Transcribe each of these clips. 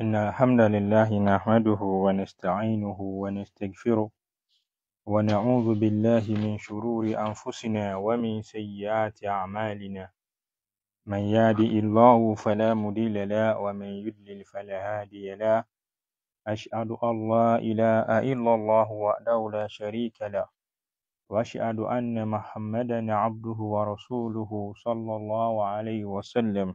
إن الحمد لله نحمده ونستعينه ونستغفره ونعوذ بالله من شرور أنفسنا ومن سيئات أعمالنا من يهدئ الله فلا مضل له ومن يضلل فلا هادي له أشهد أن لا إله إلا الله وحده لا شريك له وأشهد أن محمدا عبده ورسوله صلى الله عليه وسلم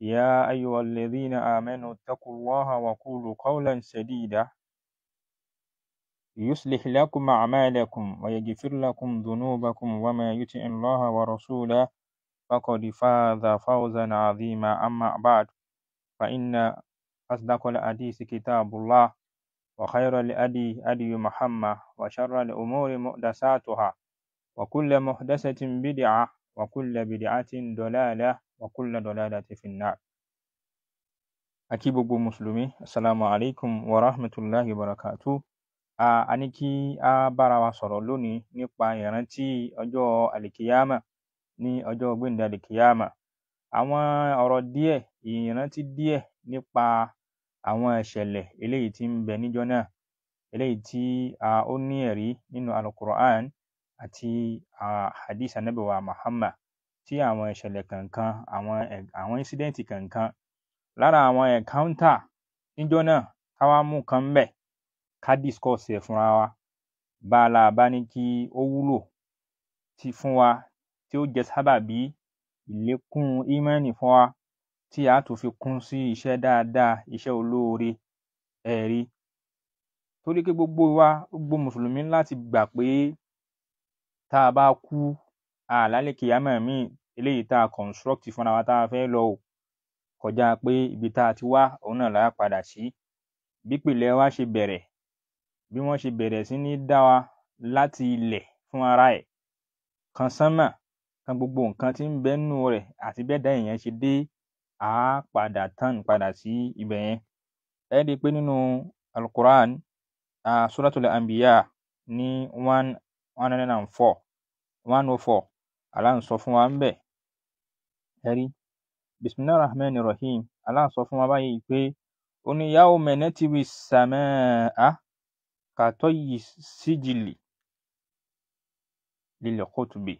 يا أيها الذين آمنوا اتقوا الله وقولوا قولا سديدا يصلح لكم أعمالكم ويغفر لكم ذنوبكم وما يطع الله ورسوله فقد فاز فوزا عظيما أما بعد فإن أصدق الحديث كتاب الله وخير الأدي أدي محمد وشر الأمور محدثاتها وكل محدثة بدعة وكل بدعة ضلالة wa kulla dalalati fin nar. Akí gbogbo Mùsùlùmí, Assalamu alaikum wa rahmatulahi wa barakatu. A ní kí a bára wa sọ̀rọ̀ lónìí nípa ìrántí ọjọ́ àlìkìyámà ní ọjọ́ gbẹ̀ndé àlìkìyámà. Àwọn ọ̀rọ̀ díẹ̀, ìrántí díẹ̀ nípa àwọn ìṣẹ̀lẹ̀ eléyìí tí ń bẹ níjọ́ náà eléyìí tí um ó ní ẹ̀rí nínú al àti hadith Ànábì Muhammad sí àwọn ìṣẹ̀lẹ̀ kọ̀ọ̀kan àwọn àwọn incident kọ̀ọ̀kan lára àwọn encounter níjọ́ náà ká wá mú kan ńbẹ̀ ká discuss ẹ̀ fúnra wa bá a la bá ní kí ó wúlò ti fún wa tí ó jẹ́ sábàbí ìlékún ímánì fún wa tí a tún fi kún sí iṣẹ́ dáadáa iṣẹ́ olóore ẹ̀rí torí pé gbogbo wa gbogbo mùsùlùmí láti gbà pé tá a bá kú àlálẹ́ kìyàmọ̀ míì eléyìí tá a construct fúnra wa tá a fẹ́ lọ o kọjá pé ibi tá a ti wá òun náà là á padà sí bípìlẹ̀ wa ṣe bẹ̀rẹ̀ bí wọ́n ṣe bẹ̀rẹ̀ sí ní dá wa láti ilẹ̀ fún ara ẹ̀ kan sánmà kan gbogbo nǹkan tí ń bẹ nínú rẹ̀ àti bẹ́ẹ̀dá èèyàn ṣe dé á padà tán padà sí ibẹ̀ yẹn ẹ rí pé nínú alukur'an uh, suratul anbiya ní one one hundred and four one oh four Allah ń sọ fún wa ńbẹ̀ ẹ rí bisimilahi rahman rahim Allah ń sọ fún wa báyìí pé ó ní yawma natwi samaa katayyi sijili lil kutubi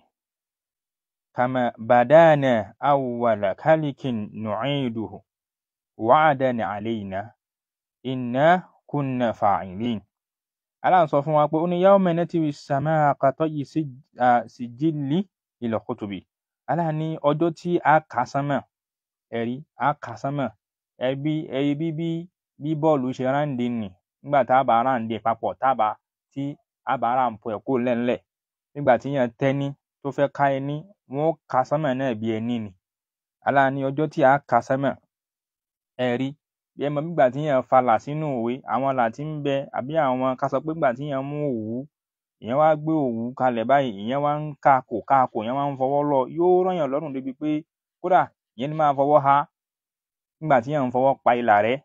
kama badana awwala kalikin nu'iduhu wa'adan alayna inna kunna fa'ilin Allah ń sọ fún wa pé ó ní yawma natwi samaa katayyi sijili ilẹ̀ kùtùbì Allah ní ọjọ́ tí a kà sánmà ẹ̀rí a kà sánmà ẹbí ẹyí bí bí bí bọ́ọ̀lù ṣe ráǹdì nì nígbà tá a bá ráǹdì ẹ̀ papọ̀ tá a bá tí a bá ra nǹkan ẹ̀ kó lẹ́ńlẹ̀ nígbà tí yẹn tẹ́ni tó fẹ́ ká ẹni wọ́n ka sánmà náà bí ẹni nì Allah ọjọ́ tí a kà sánmà ẹ̀rí bí ẹ mọ nígbà tí yẹn falà sínú òwe àwọn àlà ń bẹ àbí àwọn ká pé nígbà tí yẹn mú òwú èèyàn wá gbé òwú kalẹ̀ báyìí èèyàn wá ń káàkò káàkò èèyàn wá ń fọwọ́ lọ yóò rọ̀yàn lọ́rùn débi pé kódà èèyàn ní máa fọwọ́ ha nígbà tí èèyàn ń fọwọ́ pa ìlà rẹ̀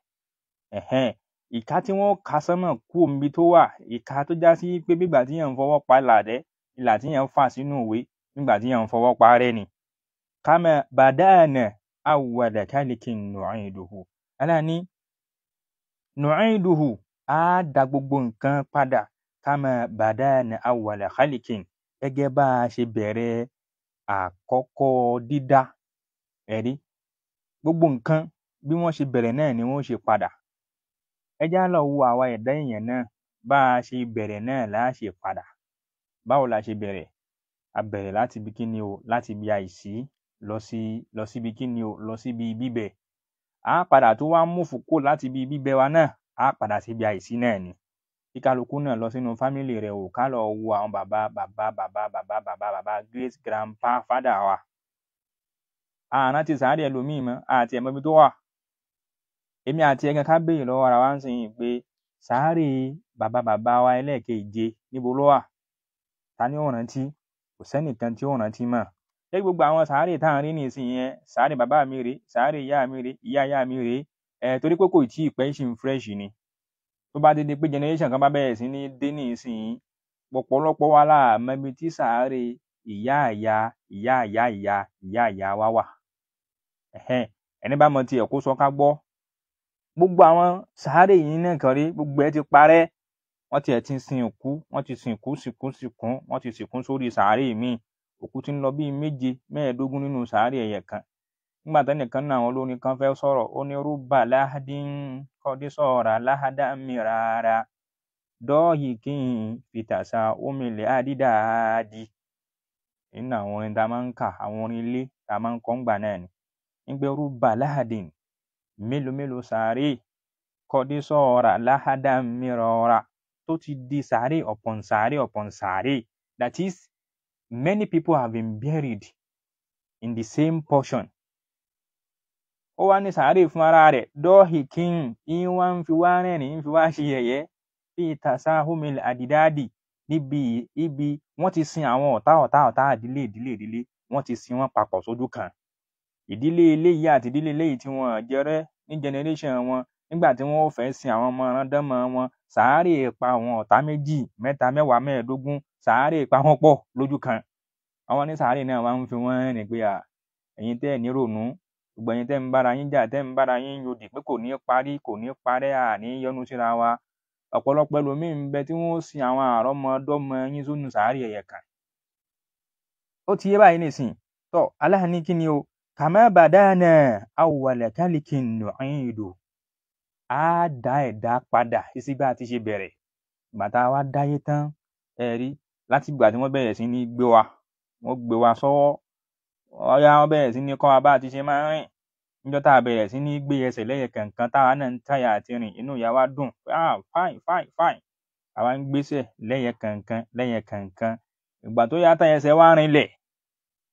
ẹ̀hẹ́n ìka tí wọ́n kà sánmà kúrò níbi tó wà ìka tó já sí pé bí ìgbà tí èèyàn ń fọwọ́ pa ìlà rẹ̀ ìlà tí èèyàn fà sínú ìwé nígbà tí èèyàn ń fọwọ́ pa rẹ̀ ni. kama badana awwala khaliqin nu'iduhu aláàní nu'iduhu á da gbogbo nǹkan padà kama badana awala khalikin gẹ́gẹ́ bá a ṣe bẹ̀rẹ̀ àkọ́kọ́ dídá ẹ̀rí gbogbo nǹkan bí wọ́n ṣe bẹ̀rẹ̀ náà ni wọ́n ṣe padà ẹ já lọ wo àwa ẹ̀dá èèyàn náà bá a ṣe bẹ̀rẹ̀ náà là á ṣe padà báwo la ṣe bẹ̀rẹ̀ a bẹ̀rẹ̀ láti ibi kíni o láti ibi àìsí lọ sí lọ síbi kíni o lọ síbi bíbẹ á padà tó wá múfù kúrò láti ibi bíbẹ wa náà á padà síbi àìsí náà ni kí kálukú náà lọ sínú fámìlì rẹ̀ wò ká lọ wo àwọn bàbá bàbá bàbá bàbá bàbá bàbá great grandpa father wa àná ti sàárẹ̀ ẹlòmíì mọ́ àti ẹ̀mọ́ ibi tó wà èmi àti ẹ̀gán ká béèrè lọ́wọ́ ara wa ń sìn pé sàárẹ̀ bàbá bàbá wa ẹlẹ́ẹ̀keje níbo ló wà ta ni ó rántí kò sẹ́nìkan tí ó rántí mọ́ ṣé gbogbo àwọn sàárẹ̀ tá à ń rí nísìnyí yẹn sàárẹ̀ bàbá mi rèé sàárẹ̀ ìyá mi rèé ìyá ìyá mi rèé ẹ̀ torí pé kò tí ì pẹ́ ṣì ń fresh ni tó bá dédé pé generation kan bá bẹ̀rẹ̀ sí ní dé nísìnyí pọ̀pọ̀lọpọ̀ wa là mọbi tí sàárè ìyá ìyá ìyá ìyá ìyá ìyá ìyá wa wà ẹni bá mọ tiẹ̀ kó sọ ká gbọ́ gbogbo àwọn sàárè yìí náà kàn rí gbogbo ẹ ti parẹ́ wọ́n tiẹ̀ ti sin òkú wọ́n ti sìnkú sìnkú sìnkú wọ́n ti sìnkú sórí sàárè míì òkú ti ń lọ bíi méje mẹ́ẹ̀ẹ́dógún nínú sàárè ẹ̀yẹ̀ kan nígbà tẹ́nìkan náà àwọn olórin kan fẹ́ sọ̀rọ̀ ó ní rúbà láhádín kọ́dí sọ̀ra láhádá mìíràrà dọ́ọ̀yì kí n fìtàsà omìlẹ̀ àdídàádì nínú àwọn orin tá a máa ń kà àwọn orin ilé tá a máa ń kọ́ ńgbà náà ni nígbẹ́ rúbà láhádín mélòó mélòó sàárè kọ́dí sọ̀ra láhádá mìíràrà tó ti di sàárè upon sàárè upon sàárè that is many people have been buried in the same portion ó wá ní sàárè fún ara rẹ̀ dọ́ọ̀hì kíhìn ń wá ń fi wá rẹ́rìn ń fi wá ṣe yẹ̀yẹ́ bí tàṣà humil àdìdáàdì níbi ibi wọ́n ti sin àwọn ọ̀tá ọ̀tá ọ̀tá ìdílé ìdílé ìdílé wọ́n ti sin wọ́n papọ̀ sójú kan ìdílé eléyìí àti ìdílé eléyìí tí wọ́n jẹrẹ ní generation wọn nígbà tí wọ́n ò fẹ́ sin àwọn ọmọ randánmọ wọn sàárè pa àwọn ọ̀tá méjì mẹ́ta mẹ́wàá mẹ́ẹ̀ẹ́dógún sàárè pa wọ́n pọ̀ lójú kan àwọn ní sàárè náà wá ń fi wọ́n rìn pé à ẹ̀yin tẹ́ ẹ̀ ní rònú gbogbo ẹ̀yin tẹ́ ń bára yín jà tẹ́ ń bára yín yodì pé kò ní parí kò ní parẹ́ àní yọnu síra wa ọ̀pọ̀lọpọ̀ ẹlòmíín ń bẹ tí wọ́n ó sin àwọn àrọ́mọdọ́mọ yín sónú sàárì ẹ̀yẹ̀ kan ó ti yé báyìí nìsín tọ́ Allah kí ni o kàmá bàdánà awwala khaliqin nu'idu á dá ẹ̀dá padà sí bá a ti ṣe bẹ̀rẹ̀ bàtà wa dáyé tán ẹ̀rí láti ìgbà tí wọ́n bẹ̀rẹ̀ sí ní gbé wa wọ́n gbé wa sọ́wọ́ ọ̀yá wọ́n bẹ̀rẹ̀ sí ní kọ́ wa bá a ti ṣe máa ń rìn níjọ́ tá a bẹ̀rẹ̀ sí ní gbé ẹsẹ̀ lẹ́yẹ kẹ̀ǹkan táwa náà ń tàyà àti rìn inú ìyá wa dùn ah fine fine fine àwa ń gbéṣẹ̀ lẹ́yẹ kẹ̀ǹkan lẹ́yẹ kẹ̀ǹkan ìgbà tó yá táyà ẹsẹ̀ wá rinlẹ̀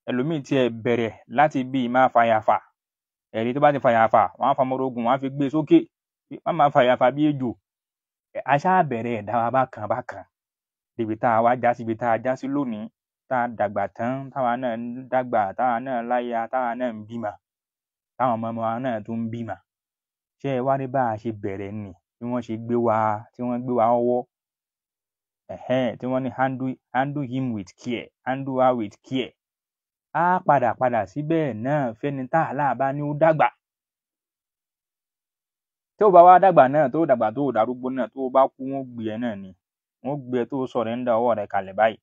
ẹlòmíì tiẹ̀ bẹ̀rẹ̀ láti bí i máa fàyàfà ẹ̀rí tó bá ti fàyàfà wọ́n á fa ọmọrogùn wọ́n á fi gbé e sókè má máa fàyàfà bí ejò aṣá bẹ̀rẹ̀ ẹ̀dá wa bákan bákan débi tá a wá já síbi tá a já sí lónìí tá a dàgbà tán táwa náà ń dàgbà táwa náà láya táwa náà ń bímọ táwọn ọmọ wa náà tún ń bímọ ṣé ẹ wá rí bá a ṣe bẹ̀rẹ̀ nì bí wọ́n ṣe gbé wa tí wọ́n gbé wa ọwọ́ tí wọ́n ní handle handle him with care handle her with care á padà padà síbẹ̀ náà fẹ́ni tá a láàbá ni ó dàgbà tí ó bá wá dàgbà náà tó dàgbà tó darúgbó náà tó bá kú wọn gbé ẹ náà ni wọn gbé ẹ tó sọrẹ́ńdà ọwọ́ rẹ kalẹ̀ báyìí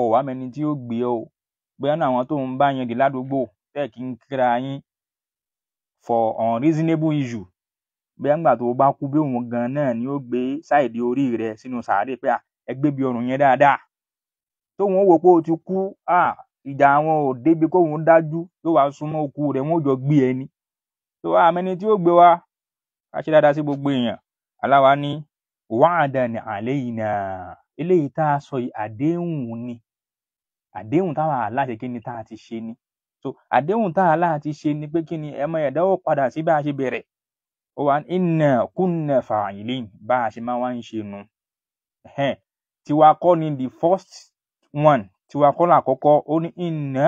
ò wá mẹni tí ó gbé ọ bóyá náà àwọn tó ń bá yẹn dì ládùúgbò tẹ́ẹ̀ kí ń kíra yín for unreasonable issue bóyá nígbà tó o bá kú bí òun gan náà ni ó gbé sáìdì orí rẹ sínú sàárè pé ẹ gbébi ọrùn yẹn dáadáa tóun ó wò pé o ti kú ìjà àwọn ò débi kóun dájú yóò wá súnmọ́ òkú rẹ wọn jọ gbé e ẹni tó àmẹni tí ó gbé wa ká ṣe dáadáa sí gbogbo èèyàn aláwa ní wàdàn àlẹ́ yìí náà eléyìí tá a sọ yìí àdéhùn ni àdéhùn táwa aláṣẹ kí ni tá a ti ṣe ni so àdéhùn tá a láà ti ṣe ni pé kí ni ẹ mọ ẹ̀dáwó padà sí bá a ṣe bẹ̀rẹ̀ ó wà inna kunna fa'ilin bá a ṣe máa wá ń ṣe nu tiwa kọ́ ni the first one tiwa kọ́ là kọ́kọ́ ó ní inna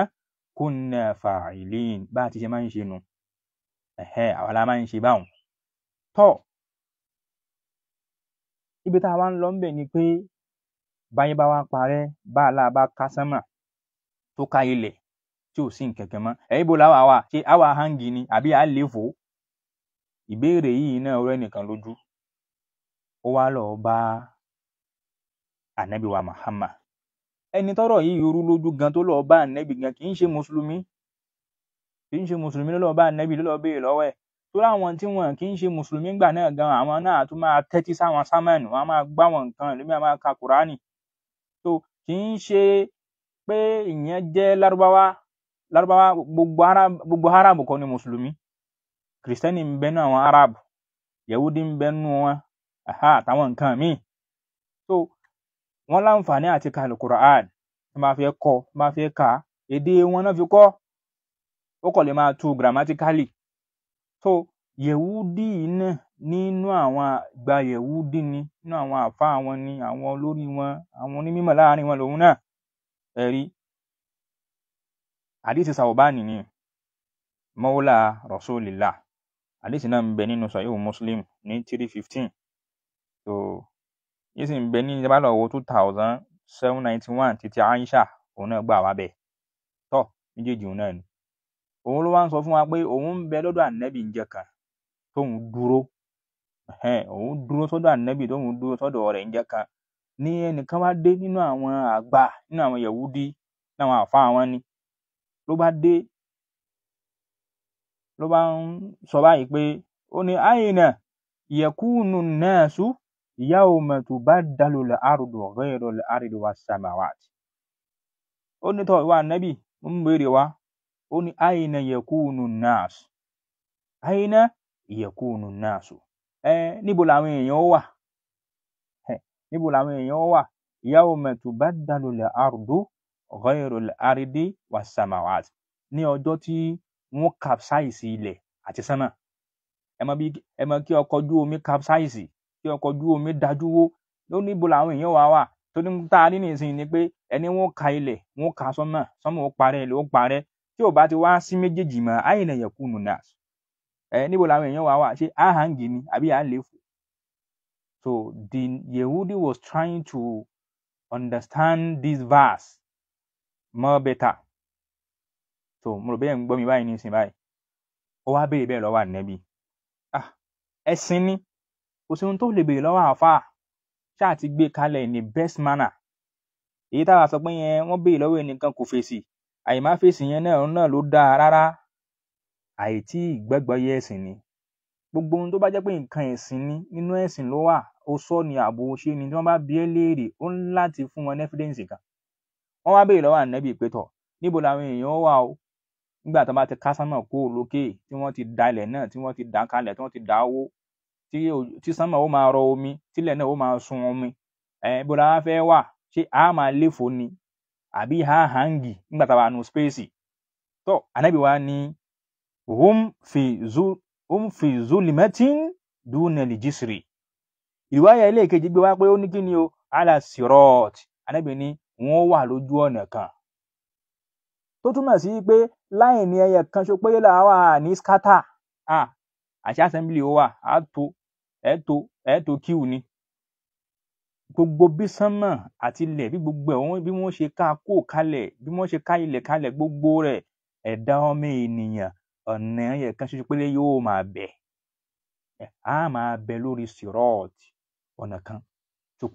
kunna fa'ilin bá a ti ṣe máa ń ṣe nu àwa la máa ń ṣe báwọn tọ́ ibi tá a wá ń lọ ńbẹ̀ ni pé báyé bá wá parẹ́ bá a láà bá ká sánmà tó ká ilẹ̀ tí ò sí nǹkan kan mọ́ ẹ̀yìn bò láwa wà àwa hangi ni àbí à lè ìbéèrè yìí náà rẹ́ nìkan lójú ó wá lọ bá ànábì wa ẹni tọrọ yìí rú lójú gan tó lọ bá ànábì gan kì í ṣe mùsùlùmí kì í ṣe mùsùlùmí ló lọ bá lọ lọ́wọ́ ẹ̀ gan àwọn náà tún máa tẹ́tí sáwọn wọn máa gbá wọn nǹkan ka kùránì tó kì í ṣe pé ìyẹn jẹ́ lárúbáwá gbogbo arab gbogbo arab kọ́ ni mùsùlùmí kìrìsìtẹ́nì ń bẹ nú àwọn arab yahudi ń wọn àtàwọn nǹkan míì so wọn láǹfààní àti ka alukur'an tí wọn fẹ́ kọ́ tí wọn fẹ́ kà èdè wọn náà fi kọ́ ó kọ̀ lè máa tu grammatically so yehudi náà nínú àwọn ni nínú àwọn àfa wọn ni àwọn olórí wọn àwọn onímọ̀ láàrin wọn lòun àdìsí sàwùbáàní ni mọ́wúlà rasulillah àdìsí náà ń bẹ nínú sọ̀yìnwó muslim ní three fifteen so yìí sì ń bẹ ní ìjábálọ̀wọ́ two thousand seven ninety one títí aisha òun náà gbà wá bẹ̀ tọ́ méjèèjì òun náà ni òun ló wá ń sọ fún wa pé òun ń bẹ lọ́dọ̀ ànẹ́bì ń jẹ kan tóun dúró òun dúró sọ́dọ̀ ànẹ́bì tóun dúró sọ́dọ̀ rẹ̀ ń jẹ kan ní ẹnìkan wá dé nínú àwọn àgbà nínú àwọn yahudi náwọn àfa àwọn ni ló bá dé ló bá ń sọ báyìí pé ó ní àyìnà yakunu nasu yawma tubaddalu al-ardu ghayra al-ardi was-samawat ó ní tọ́ ìwà nẹ́bì ń béèrè wa ó ní àyìnà yakunu nasu àyìnà yakunu nasu ẹ níbo làwọn èèyàn wà níbo làwọn èèyàn wà yawma tubaddalu al-ardu ghayrul ardi was-samawat ní ọjọ́ tí wọ́n capsize ilẹ̀ àti sánmà ẹ mọ kí ọkọ̀ ojú omi capsize kí ọkọ̀ ojú omi dájúwó ló níbo làwọn èèyàn wà wà tó ní tá ní nìsín ni pé ẹni wọ́n ka ilẹ̀ wọ́n ka sánmà sánmà ó parẹ́ ilẹ̀ parẹ́ tí ò bá ti wá sí méjèèjì mọ́ àyìnà yakunu nas ẹ níbo làwọn èèyàn wà wà ṣé àhàǹgì ni àbí à so the Yehudi was trying to understand this verse mọ́ bẹ́tà so mo rò bẹ́ẹ̀ ń gbọ́ mi báyìí nísìn báyìí ó wá béèrè bẹ́ẹ̀ lọ́wọ́ ànẹ́bí ah, ẹ̀sìn ni kò sí ohun tó lè béèrè lọ́wọ́ àáfàá ṣáà ti gbé kalẹ̀ ní best manner èyí táwa sọ pé yẹn wọ́n béèrè lọ́wọ́ ẹnìkan kò fèsì àyèmá fèsì yẹn náà òun náà ló dáa rárá àìtí ìgbẹ́gbọ́ yẹ ẹ̀sìn ni gbogbo ohun tó bá jẹ́ pé nǹkan ẹ̀sìn ni nínú ẹ̀sìn ló wà ó sọ ni àbò ṣe ni tí wọ́n bá bi ẹ́ léèrè ó ń láti fún wọn ní kan wọ́n wá béèrè lọ́wọ́ ànábì pé tọ̀ níbo làwọn èèyàn wà o nígbà tó bá ti ká sánmọ̀ kó lókè tí wọ́n ti da ilẹ̀ náà tí wọ́n ti dà kalẹ̀ tí wọ́n ti dà owó tí tí sánmọ̀ ó máa rọ omi tílẹ̀ náà ó máa sun omi ẹ bó la wá fẹ́ wà ṣé a máa léfò ni àbí ha hangi nígbà tá a wà nù spéèsì tó ànábì wa ní hum fi zu hum fi zulimatin dunali jisri ìwáyà ilé ìkejì gbé wá pé ó ní kí ni o ala sirat ànábì ní wọn ó wà lójú ọ̀nà kan tó túmọ̀ sí pé láì ní ẹyẹ kan ṣo pé là wà ní scatter ah àṣẹ assembly ó wà á tó ẹ tó ẹ tó kíw ni gbogbo bí sánmọ̀ àti ilẹ̀ bí gbogbo ẹ̀ wọ́n bí wọ́n ṣe ká kó kalẹ̀ bí wọ́n ṣe ká ilẹ̀ kalẹ̀ gbogbo rẹ̀ ẹ̀dá ọmọ ènìyàn ọ̀nà ẹyẹ kan ṣoṣo pé yóò máa bẹ̀ á máa bẹ lórí sirọ́ọ̀tì ọ̀nà kan ṣo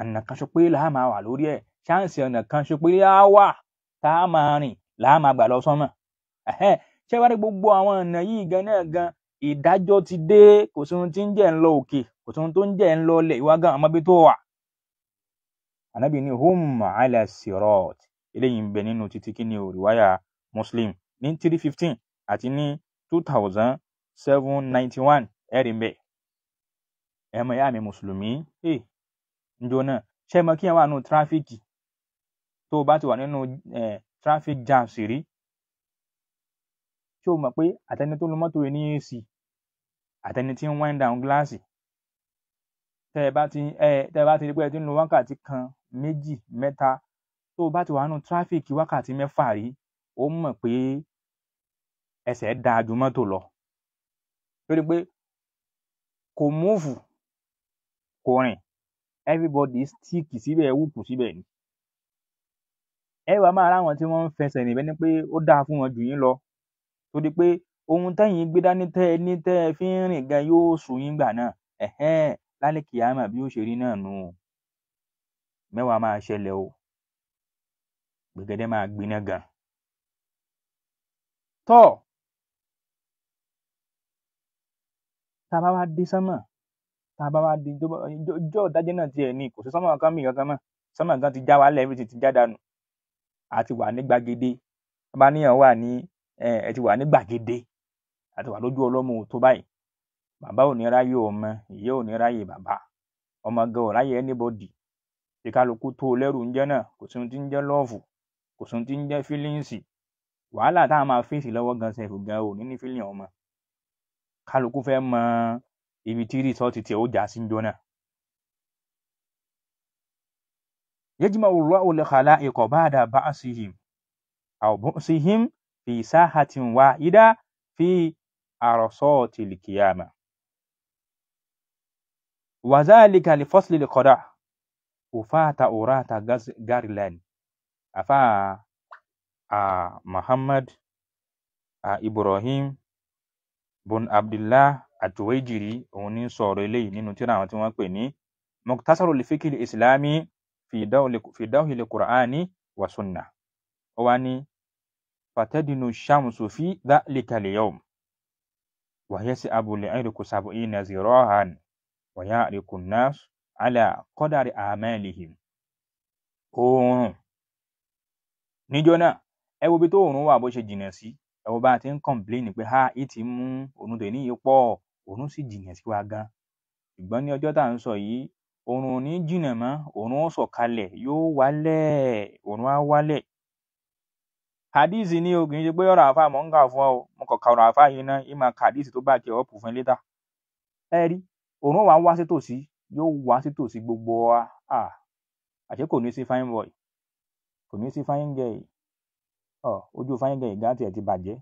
ọ̀nà kan ṣo pé là á máa wà lórí ẹ̀ ṣáǹsì ọ̀nà kan ṣo pé á wà tá a máa rìn là máa gbà lọ sọ́mọ̀ ṣé wàá rí gbogbo àwọn ọ̀nà yìí gan náà gan ìdájọ́ ti dé kò sí ohun tí ń jẹ́ ń lọ òkè kò sí ohun tó ń jẹ́ ń lọ ilẹ̀ ìwà gan àmọ́ bí tó wà. ànábì ní hum ala sirat eléyìí ń bẹ nínú títí kí ni òrìwáyà muslim ní three fifteen àti ní two thousand seven ninety one ẹ̀rí ń bẹ ẹ̀mọ̀ ìyá mi mùsùlùmí njọ náà ṣé mọ kí ẹ wà nù tráfíkì tó o bá ti wà nínú traffic jam sì rí ṣé o mọ̀ pé àtẹni tó lo mọ́tò rẹ̀ ní AC àtẹni tí ń wind down gíláàsì tẹ ẹ bá ti ẹ tẹ ẹ bá ti rí pé ẹ ti ń lo wákàtí kan méjì mẹ́ta tó o bá ti wà nù tráfíkì wákàtí mẹ́fà rí o mọ̀ pé ẹsẹ̀ dáa ju mọ́tò lọ lórí pé kò múùfù kò rìn everybody stick síbẹ̀ wùkù síbẹ̀ ni ẹ wàá máa ráwọn tí wọ́n ń fẹsẹ̀ rìn bẹ́ẹ̀ ni pé ó dáa fún wọn jù yín lọ torí pé ohun tẹ́yìn gbé dání tẹ́ ẹ ní tẹ́ ẹ fi ń rìn gan yóò sùn yín gbà náà ẹ̀hẹ́n lálẹ́ kìámà bí ó ṣe rí náà nù ú mẹ́wàá máa ṣẹlẹ̀ o gbẹ̀gẹ́dẹ́ máa gbiná gan tọ́ tá bá wá dé sánmà tá a bá wá di ọjọ́ ìdájẹ́ náà tiẹ̀ ni kò sí sọ́mọ̀ kan mìíràn kan náà sọ́mọ̀ kan ti já wálẹ̀ everything ti já dànù a ti wà ní gbàgede a bá níyàn wà ní ẹ ti wà ní gbàgede a ti wà lójú ọlọ́mọ tó báyìí bàbá ò ní ráyè ọmọ ìyá ò ní ráyè bàbá ọmọ gan ò ráyè anybody tí kálukú tó o lẹ́rù ń jẹ́ náà kò sí ohun tí ń jẹ́ lọ́ọ̀fù kò sí ohun tí ń jẹ́ fílíǹsì wàhálà tá máa fèsì lọ́wọ́ gan sẹ́fù gan ò ní ní fílíǹ ọmọ kálukú fẹ́ mọ ibi tí rìsọ́ọ̀tì tiẹ̀ ó já sí ń jóná. yajma'u Allahu al-khala'iqa ba'da ba'sihim aw bu'sihim fi sahatin wahida fi arsati al-qiyamah. wa dhalika li fasli al-qada' ufata urata garilan afa a Muhammad a Ibrahim bun Abdullah àjòwéjìrì òun ní sọ̀rọ̀ eléyìí nínú tíra àwọn tí wọ́n pè ní mọ̀tásàrò lèfíkìlì ìsìlámì fìdáhùlẹ̀ kùránì wà sunna ó wá ní fatadinu shamsu fi dhalika al-yawm wa yas'abu al-'irqu sab'ina zirahan wa ya'riqu an-nas ala qadari a'malihim oòrùn níjọ́ náà ẹ wo bí tó oòrùn wà bó ṣe jìnnà sí ẹ wo bá ti ń kọ̀ǹpléènì pé ha ìtì mú òun tẹ̀ níyì pọ̀ oòrùn sì jìnnà sí wa gan ṣùgbọ́n ní ọjọ́ tá à ń sọ yìí oòrùn ò ní jìnnà mọ́ oòrùn ó sọ̀kalẹ̀ yóò wálẹ̀ oòrùn á wálẹ̀ hadisi ni o kì í ṣe pé ọ̀rọ̀ àáfàá mò ń kà fún ọ mo kàn ka ọ̀rọ̀ àáfàá yìí ná yìí máa tó bá tiẹ̀ ọ̀pù fún létà ẹ rí oòrùn wa wá sí tòsí yóò wá sí tòsí gbogbo wa àṣé kò ní sí fine boy kò ní sí fine girl ọ ojú fine girl gan tiẹ̀ ti bàjẹ́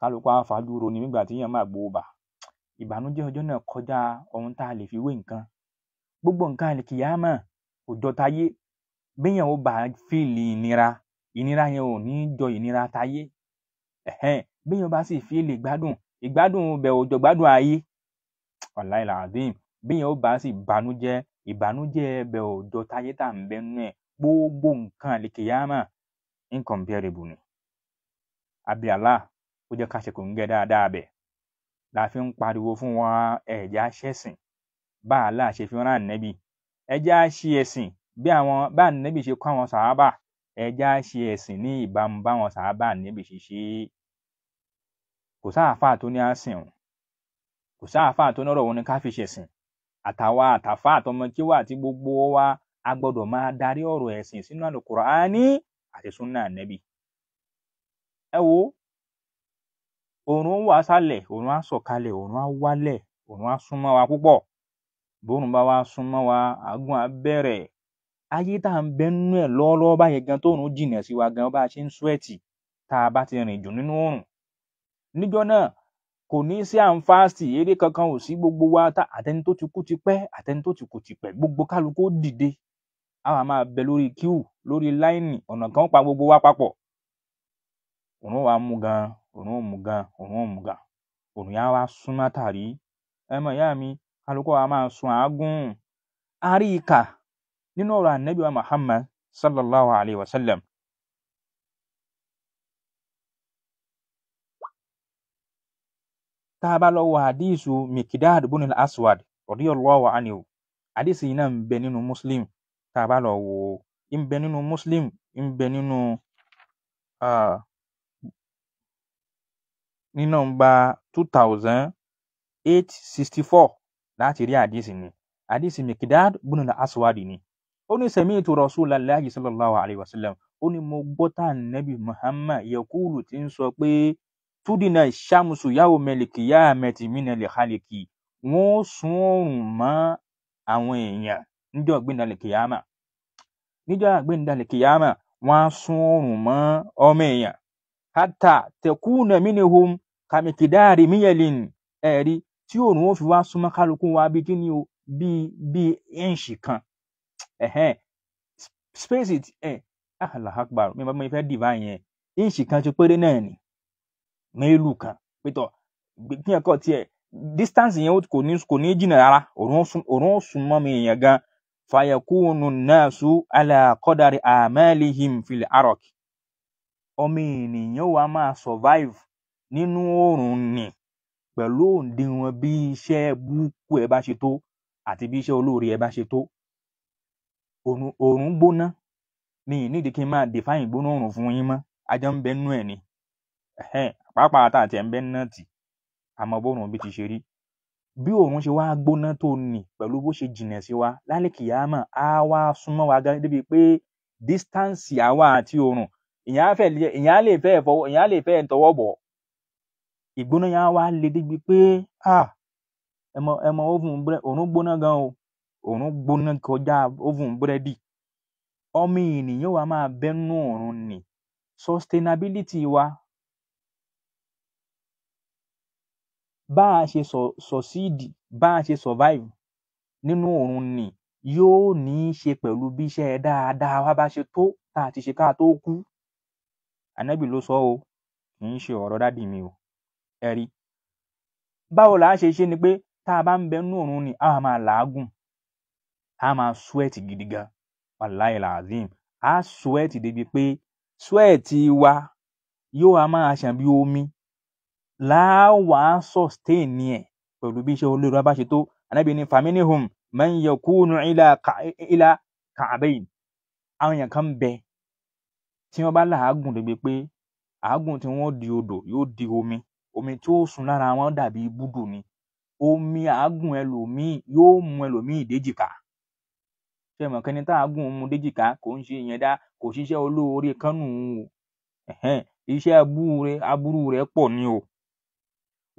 kálukú afájúro ni nígbà tí èèyàn máa gbowó bà ìbànújẹ́ ọjọ́ náà kọjá ohun tá a lè fi wé nǹkan gbogbo nǹkan àlìkìyámà òjọ táyé béèyàn ó bá fíìlì ìnira ìnira yẹn ò ní jọ ìnira táyé ẹ̀hẹ́n bá sì fíìlì ìgbádùn ìgbádùn bẹ gbádùn ayé ó bá sì táyé tá gbogbo nǹkan incomparable ni ó jẹ́ ká ṣe kò ń gẹ́ dáadáa bẹ̀ la fi ń pariwo fún wọn ẹ̀já ṣẹ̀sìn bá a láà ṣe fi rán ànẹ́bì ẹ̀já ṣe ẹ̀sìn bí àwọn bá ànẹ́bì ṣe kọ́ àwọn sàábà ẹ̀já ṣe ẹ̀sìn ní ìbámu báwọn sàábà ànẹ́bì ṣe ṣe é kò sáàfáà tó ní àsìn kò sáàfáà tó nọ́rọ̀ òun ní ká fi ṣẹ̀sìn àtàwa àtàfà àtọmọ kí wà tí gbogbo wa a gbọ́dọ̀ máa darí ọ̀rọ̀ ẹ̀sìn sínú àlùkùránì àti súnà ànẹ́bì ẹ wo òòrùn wà sálẹ̀ òòrùn á sọ̀kalẹ̀ òòrùn á wálẹ̀ òòrùn á súnmọ́ wa púpọ̀ bóòrùn bá wá súnmọ́ wa àágùn á bẹ̀rẹ̀ ayé tá à ń bẹ nínú ẹ̀ lọ́wọ́lọ́wọ́ báyẹn gan tóòrùn jìnà sí wa gan bá a ṣe ń súwẹ̀tì tá a bá ti rìn jù nínú òòrùn níjọ́ náà kò ní sí à eré kankan ò sí gbogbo wa tá àtẹni tó ti kú ti pẹ́ àtẹni tó ti kù ti pẹ́ gbogbo kálukú ó dìde àwa máa bẹ lórí kíù lórí láìnì ọ̀nà kan pa gbogbo wa papọ̀ òun wa mú gan òrùn ò mú gan òrùn ò mú gan òrùn yẹn á wá súnmọ́ tàrí ẹ mọ ìyá mi kálukú wa máa sun àágùn a rí i kà nínú ọ̀rọ̀ ànábì wa Muhammad sallallahu alayhi wa sallam tá a bá lọ wo hadisu mikidad bunil aswad radiyallahu anhu hadisi yìí náà ń bẹ nínú muslim tá a bá lọ wo ń bẹ nínú muslim ń bẹ nínú. Uh, ní nọ́mbà two thousand eight sixty four láti rí àdìsí ni àdìsí mikidad bùnà aswadi ni ó ní sami'tu rasulallahi sallallahu alayhi wa sallam ó ní mo gbọ́ tá nẹ́bí muhammad yakulu ti ń sọ pé túdìnà sàmùsù yàwó mẹlìkì yá mẹtì mínàlì xalìkì wọn àwọn èèyàn kìyàmà kìyàmà wọn ọmọ èèyàn kàmìkìdáàrí míyẹ̀lìn ẹ̀rí tí òòrùn ó fi wá súnmọ́ kálukú wa bí kíni o bí bí ẹ̀ǹṣì kan ẹ̀hẹ́n space it ẹ̀ Allah akbar mi kan ti péré náà ni mélòó kan pétọ́ kí ẹ̀kọ́ tiẹ̀ distance yẹn kò ní kò ní jìnnà rárá òòrùn ó mi yẹn gan ala fil arok ọmọ ènìyàn wa máa nínú oòrùn nì pẹ̀lú òǹdíwọ̀n bí iṣẹ́ búkú ẹ bá ṣe tó àti bí iṣẹ́ olóore ẹ bá ṣe tó òòrùn gbóná mi ì nídìí kí n máa define ìgbóná òòrùn fún yín mọ́ a jọ ń bẹ nínú ẹ̀ ni pàápàá tá àti ẹ̀ ń bẹ nínú tì àmọ́ bóòrùn bí ti ṣe rí bí òòrùn ṣe wá gbóná tó nì pẹ̀lú bó ṣe jìnà sí wa lálẹ́ kìyàmọ̀ á wá súnmọ́ wa gan débi pé distance àwa àti òòrùn ìyẹn á lè fẹ́ fọwọ́ ìyẹn lè fẹ́ tọwọ́ bọ̀ ìgbóná yẹn á wá le débi pé ah ẹmọ ẹmọ ovun bread òórùn gbóná gan o òórùn gbóná kọjá oven búrẹ́dì ọmọ ènìyàn wa máa bẹ́nu ọ̀run ni sustainability wa bá a ṣe sọ succeed bá a ṣe survive nínú ọ̀run ni yóò ní í ṣe pẹ̀lú bí iṣẹ́ dáadáa wa bá ṣe tó tá a ti ṣe ká tó kú ànábì ló sọ ọ́ kì í ṣe ọ̀rọ̀ dádì mi o ẹ̀rí báwo la ṣe ṣe ni pé tá a bá ń bẹ nínú òrùn ni a máa làágùn a máa sweat gidi gan wàláì làzim a sweat débi pé sweat wa yóò a máa ṣàn bí omi láwàá sustain ni ẹ̀ pẹ̀lú bí iṣẹ́ olórí bá ṣe tó anábì ní faminihum man yakunu ila ila ka'bayn àwọn èèyàn kan bẹ tí wọ́n bá làágùn débi pé àágùn tí wọ́n di odò yóò di omi omi tí ó sun lára wọn dàbí búdò ni omi àágùn ẹlòmíì yóò mu ẹlòmíì déjìká ṣe mọ̀ kẹ́ni tá àágùn mu déjìká kò ń ṣe ìyẹn dá kò ṣiṣẹ́ olóore kánú o iṣẹ́ aburú rẹ̀ pọ̀ ni o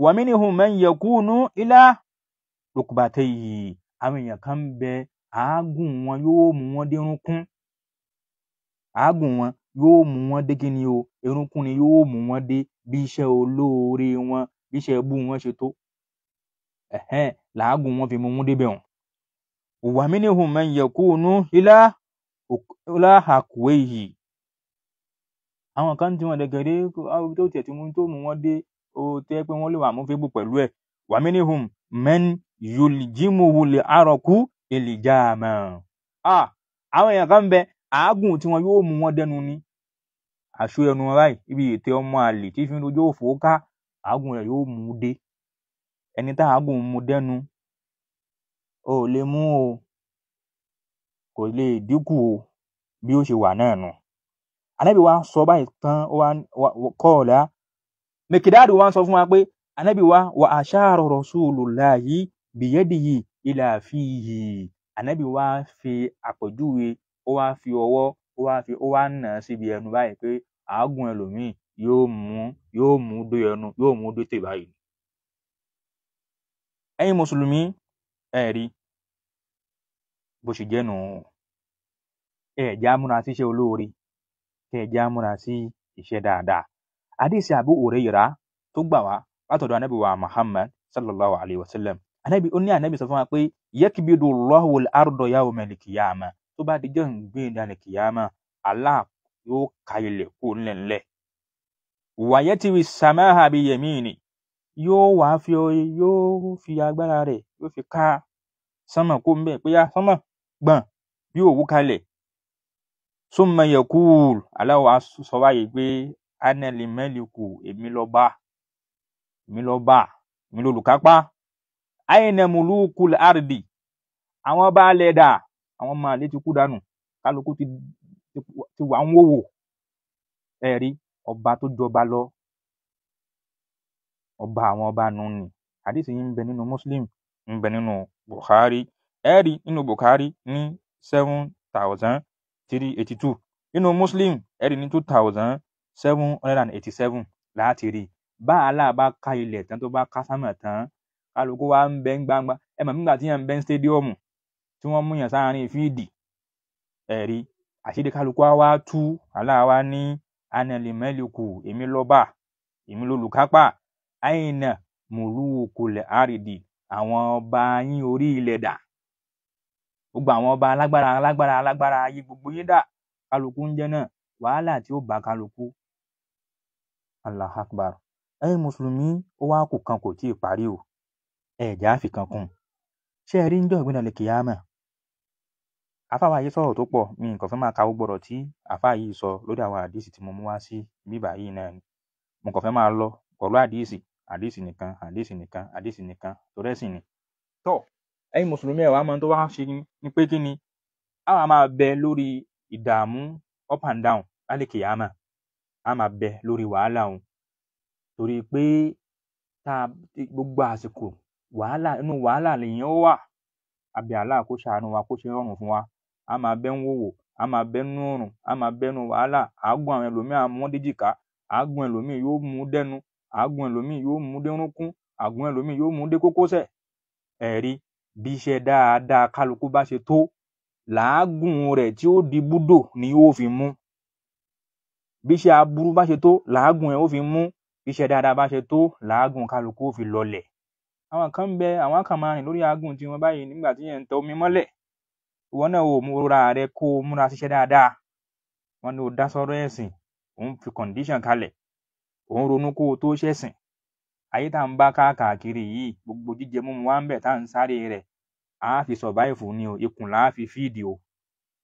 wa minhum man yakunu ila rukbatayhi àwọn èèyàn kan ń bẹ àágùn wọn yóò mú wọn dérúnkún àágùn wọn yóò mú wọn dé kí ni o erunkún ni yóò mú wọn dé bí iṣẹ́ olóore wọn bí iṣẹ́ ibú wọn ṣe tó ẹ̀hẹ́n làágùn wọn fi mú mú débẹ̀ hàn. wa minhum man yakunu ila ila hakwayhi àwọn kan tí wọn dẹgẹdẹ àwọn tó tiẹ̀ tí mú tó mú wọn dé o tẹ́ pé wọ́n lè wà mú fébù pẹ̀lú ẹ̀ wa minhum man yuljimuhu li araku ilijama. àwọn èèyàn kan bẹ àágùn tí wọn yóò mú wọn dẹnu ni àṣó ẹnu wọn báyìí ibi ètè ọmọ àlè tí fi ń dojú òfò ká àágùn rẹ̀ yóò mú dé ẹni tá àágùn mú dẹ́nu o ò lè mú o kò lè dínkù o bí ó ṣe wà náà nu ànábì wa sọ báyìí tán ó wá kọ́ ọ̀la mèkìdáàdì wa sọ fún wa pé ànábì wa wà àṣàrò rasulullahi bìyẹ́dìyì ìlà fìyì ànábì wa fi àpèjúwe ó wá fi ọwọ́ ó wá fi ó wá nà á síbi ẹnu báyìí pé àágùn ẹlòmíì yóò mú yóò mú dé ẹnu yóò mú dé tè báyìí. ẹ̀yin mùsùlùmí ẹ rí bó ṣe jẹ́ nù ẹ jẹ́ amúra sí iṣẹ́ olóore ẹ jẹ́ amúra sí iṣẹ́ dáadáa àdìsí Abu Huraira tó gbà wá látọ̀dọ̀ anábì wa Muhammad sallallahu alayhi wa sallam anábì ó ní anábì sọ fún wa pé yakbidu Allahu al-arda yawma al-qiyamah tó bá dijọ́ ìgbéǹde àlìkìyàmà Allah yóò ka ilẹ̀ kó ńlẹ̀ńlẹ̀ wàyẹ́tì sàmáhà bíi yẹ̀mí ni yóò wá fi yóò fi agbára rẹ̀ yóò fi ká sánmà kó ń bẹ péyà sánmà gbọ̀n bí òwú kalẹ̀ summa yakul Allah wá sọ báyìí pé anali mẹliku èmi lọba èmi lọba èmi lolùkápá àyìnà mulukul ardi àwọn baálẹ̀ dà àwọn ọmọ àlè ti kú dànù kálukú ti ti wà ń wòwò ẹ rí ọba tó jọba lọ ọba àwọn ọba nù ni àdìsí yìí ń bẹ nínú muslim ń bẹ nínú bukhari ẹ rí nínú bukhari ní seven thousand three eighty two nínú muslim ẹ rí ní two thousand seven hundred and eighty seven láti rí bá aláà bá ka ilẹ̀ tán tó bá ká sámà tán kálukú wa ń bẹ ń gbangba ẹ mọ̀ nígbà tí yẹn ń bẹ ń stadium tí wọ́n mú yàn sáárín fíìdì ẹ̀rí àṣírí kálukú á wá tú aláwa ní anali mẹ́lìkù èmi lọ́ba èmi lolùkápá àyìnà mùlùkulẹ̀ àrídì àwọn ọba yín orí ilẹ̀ dà gbogbo àwọn ọba alágbára alágbára alágbára ayé gbogbo yín dà kálukú ń jẹ́ náà wàhálà tí ó bá kálukú allah akbar mùsùlùmí ó wá kù kan kò tí ì parí o ẹ̀já fi kan kún ṣé ẹ rí ń jọ́ ìgbìnà lè kíyàmá àfáà yìí sọ̀rọ̀ tó pọ̀ mi nǹkan fẹ́ máa ka gbogbo ọ̀rọ̀ tí àfáà yìí sọ lórí àwọn àdíìsì tí mo mú wá sí bíbà yìí náà ni mo kàn fẹ́ máa lọ pẹ̀lú àdíìsì àdíìsì nìkan àdíìsì nìkan àdíìsì nìkan torí ẹ̀sìn ni. tọ ẹ̀yin mùsùlùmí ẹ wàá mọ tó wá ṣe ni pé kí ni a wàá máa bẹ lórí ìdààmú up and down lálẹ́kì àmà a máa bẹ lórí wàhálà òun torí pé tá gbogbo àsìkò wàhálà inú wàhálà lèèyàn wà àbí Allah kó ṣàánú wa kó ṣe rọrùn fún wa á máa bẹ́ ń wòwò á máa bẹ́ nú òrùn á máa bẹ́ nú wàhálà àágùn àwọn ẹlòmíì á mú wọn déjìká àágùn ẹlòmíì yóò mú dẹnu àágùn ẹlòmíì yóò mú dé orúnkún àágùn ẹlòmíì yóò mú dé kókósẹ̀ ẹ̀rí bí iṣẹ́ dáadáa kálukú bá ṣe tó làágùn rẹ̀ tí ó di búdò ni yóò fi mú bí iṣẹ́ aburú bá ṣe tó làágùn ẹ̀ ó fi mú bí iṣẹ́ dáadáa bá ṣe tó làágùn kálukú ó fi lọlẹ̀ àwọn kan ń bẹ àwọn kan máa rìn lórí àágùn tiwọn báyìí nígbà tí yẹn ń tẹ omi mọ́lẹ̀ ìwọ náà ò mú rora rẹ kó o múra ṣiṣẹ́ dáadáa wọ́n ní o dá sọ́rọ̀ ẹ̀sìn òun fi condition kalẹ̀ òun ronú kó o tó ṣẹ̀sìn ayé tá à ń bá káàkiri yìí gbogbo jíjẹ mímu wa ń bẹ̀ tá à ń sáré rẹ̀ á fi survive ni o ikùn là á fi fíìdì o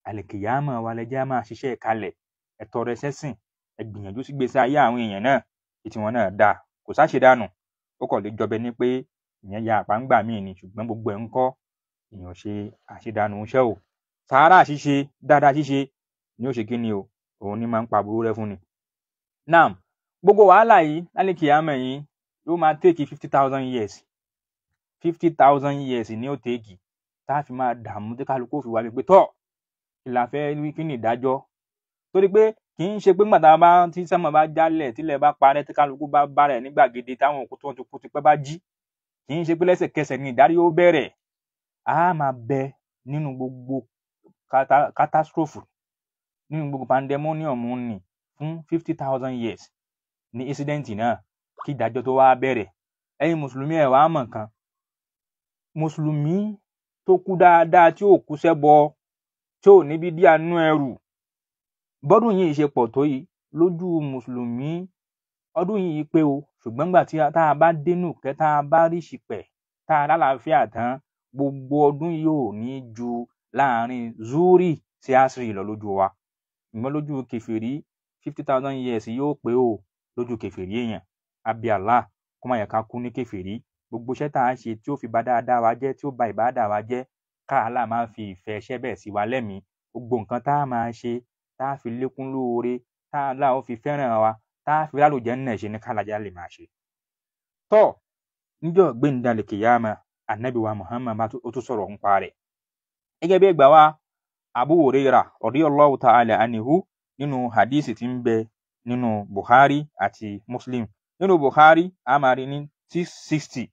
àlèkèyàmọ̀ wa lẹ́jà máa ṣiṣẹ́ kalẹ̀ ẹ̀tọ́ rẹ sẹ́sìn ẹ gbìyànjú sí ayé àwọn èèyàn náà ètí wọn náà dáa kò sáṣe dànù ó kàn lè jọbẹ ní pé ìyẹn ya àpá ń gbà míì ni ṣùgbọ́n gbogbo ẹ̀ ń kọ́ èèyàn ṣe àṣedànù iṣẹ́ o sàárà ṣíṣe dáadáa ṣíṣe ni ó ṣe kí ni o òun ni máa ń pa aburú rẹ́ fún ni. now gbogbo wàhálà yìí lálẹ́kì àmọ́ yìí yóò máa tèkì fifty thousand years fifty thousand years ni ó tèkì tá a fi máa dààmú tí kálukú fi wá bíi pé tọ́ kí fẹ́ wí kí ni ìdájọ́ torí pé kì í ṣe pé gbàtà bá tí sẹ́mọ̀ bá jálẹ̀ tílẹ̀ bá parẹ́ tí kálukú bá bá rẹ̀ ní gbàgede táwọn òkú tó ti kú tipẹ́ bá jí kì í ṣe pé lẹ́sẹ̀kẹsẹ̀ ni ìdárí ó bẹ̀rẹ̀ a máa bẹ nínú gbogbo catastrophe nínú gbogbo pandemonium ni fún fifty thousand years ní incident náà kí ìdájọ́ tó wá bẹ̀rẹ̀ ẹ̀yin mùsùlùmí ẹ̀ wá mọ̀ kan mùsùlùmí tó kú dáadáa tí ò kú sẹ́bọ tí ò níbi díà nú ẹrù bọ́dún yìí ṣe pọ̀ tó yìí lójú mùsùlùmí ọdún yìí pé o ṣùgbọ́n gbà tí tá a bá dénú kẹ́ tá a bá rí ṣìpẹ̀ tá a lálàáfíà tán gbogbo ọdún yìí ò ní ju láàrin zuri sí asiri lọ lójú wa ìmọ̀ lójú kẹfìrí fifty thousand years yóò pé o lójú kẹfìrí èèyàn abi Allah kó má yẹ ká kú ní kẹfìrí gbogbo iṣẹ́ tá a ṣe tí ó fi ba dáadáa wa jẹ́ tí ó ba ìbáàdà wa jẹ́ káàlà máa fi ìfẹ́ iṣẹ́ bẹ́ẹ̀ sí wa lẹ́mìí gbogbo nǹkan tá a máa ṣe tá a fi lékún lóore tá a láwọn fi fẹ́ràn wa tá a fi lálùjẹ́ ńnà ṣe ní kálájà lè máa ṣe. tọ́ níjọ́ gbẹ̀ǹdàlẹ̀ kìyàmá anabi wa muhammad bá tó sọ̀rọ̀ ń parẹ̀ gẹ́gẹ́ bí ẹgbàá wa abu huraira radiyallahu ta'ala anihu nínú hadisi tí ń bẹ nínú buhari àti muslim nínú buhari a máa rí ní six sixty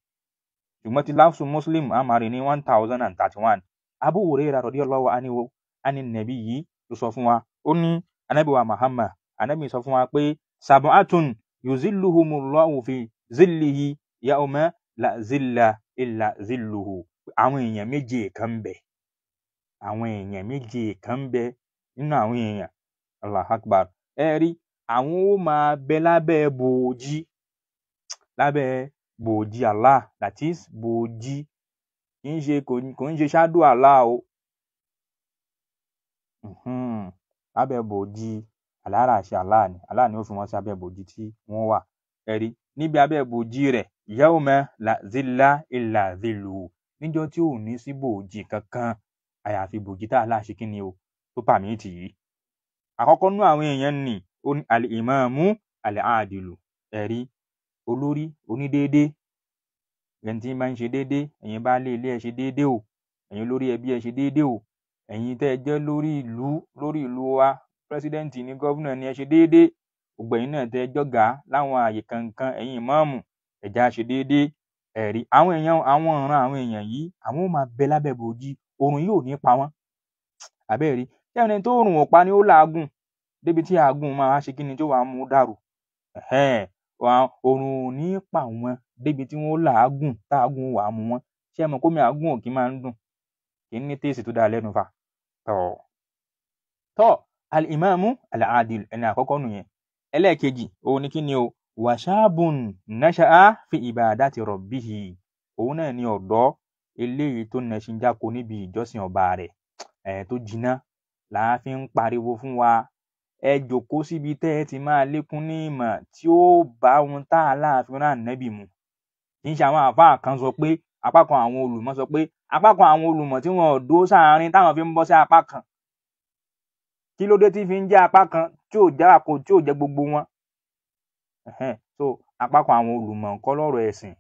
ṣùgbọ́n ti láwùsùn muslim a máa rí ní one thousand and thirty one abu huraira radiyallahu anihu ani nabi yìí ló sọ fún wa ó ní anabi wa muhammad anabi sọ fún wa pé sab'atun yuzilluhumullahu fi zillihi yawma la zilla ìlà zilluhu àwọn èèyàn méje kan bẹ àwọn èèyàn méje kan bẹ nínú àwọn èèyàn allah ẹ rí àwọn ó máa bẹ lábẹ́ bòójì lábẹ́ bòójì allah that is bòójì kì í ṣe kò ń ṣe allah o lábẹ́ bòójì aláràṣe allah ni allah ni ó fi wọ́n sábẹ́ bòójì tí wọ́n wà ẹ níbi abẹ́ bòòjì rẹ̀ yawma la zilla illa zilluhu níjọ́ tí ò ní sí bòòjì kankan àyàfi bòòjì tá a láṣẹ kí ni o tó pàmìtì yìí. àkọ́kọ́ nú àwọn èèyàn nì ó ní al-imamu al-adilu ẹ̀rí olórí onídéédé ẹni tí máa ń ṣe déédé ẹ̀yin baálé ilé ẹ ṣe déédé o ẹ̀yin olórí ẹbí ẹ ṣe déédé o ẹ̀yin tẹ́ ẹ jẹ́ lórí ìlú lórí ìlú wa pírẹsidẹ́ǹtì ni gọ́vùnà ni ẹ ṣe déédé gbogbo ẹ̀yin náà tẹ́ jọ́gà láwọn àyè kankan ẹ̀yin ìmáàmù ẹ̀já ṣe déédéé ẹ̀rí àwọn èèyàn àwọn ọ̀ràn àwọn èèyàn yìí àwọn ò máa bẹ lábẹ́ bòójì oòrùn yóò ní pa wọ́n àbẹ́ẹ̀rí tẹ́wọ̀n ẹni tó rùn ọ̀pá ni ó làágùn débi tí àágùn máa ṣe kí ni tó wàá mú dàrú oòrùn ò ní pa wọ́n débi tí wọ́n làágùn táàgùn wàá mú wọ́n ṣé ẹ mọ̀ kómi àágùn òkì máa ń dùn kì í ní téèsì tó dáa lẹ́nu fà tọ̀ tọ́ al-imamu al-adil ẹni àkọ́kọ́ nìyẹn ẹlẹ́ẹ̀kejì òun ni kí ni o wàṣáàbùn náṣàá fi ibadati rabbihi òun náà ni ọ̀dọ́ eléyìí tó nẹṣin jáko níbi ìjọsìn ọba rẹ̀ ẹ̀ tó jiná là á fi ń pariwo fún wa ẹ jòkó síbi tẹ́ ẹ ti máa lékún ní ìmọ̀ tí ó bá ohun tá a láàfin rán ànábì mu kì í ṣe àwọn àfáà kan sọ pé apá kan àwọn olùmọ̀ sọ pé apá kan àwọn olùmọ̀ tí wọn ò dó sáàárín táwọn fi ń bọ́ sí apá kan kí ló dé tí fi ń jẹ́ apá kan tí ò jẹ́ àkó tí ò jẹ́ gbogbo wọn so apá kan àwọn olùmọ̀ ńkọ́ lọ́rọ̀ ẹ̀sìn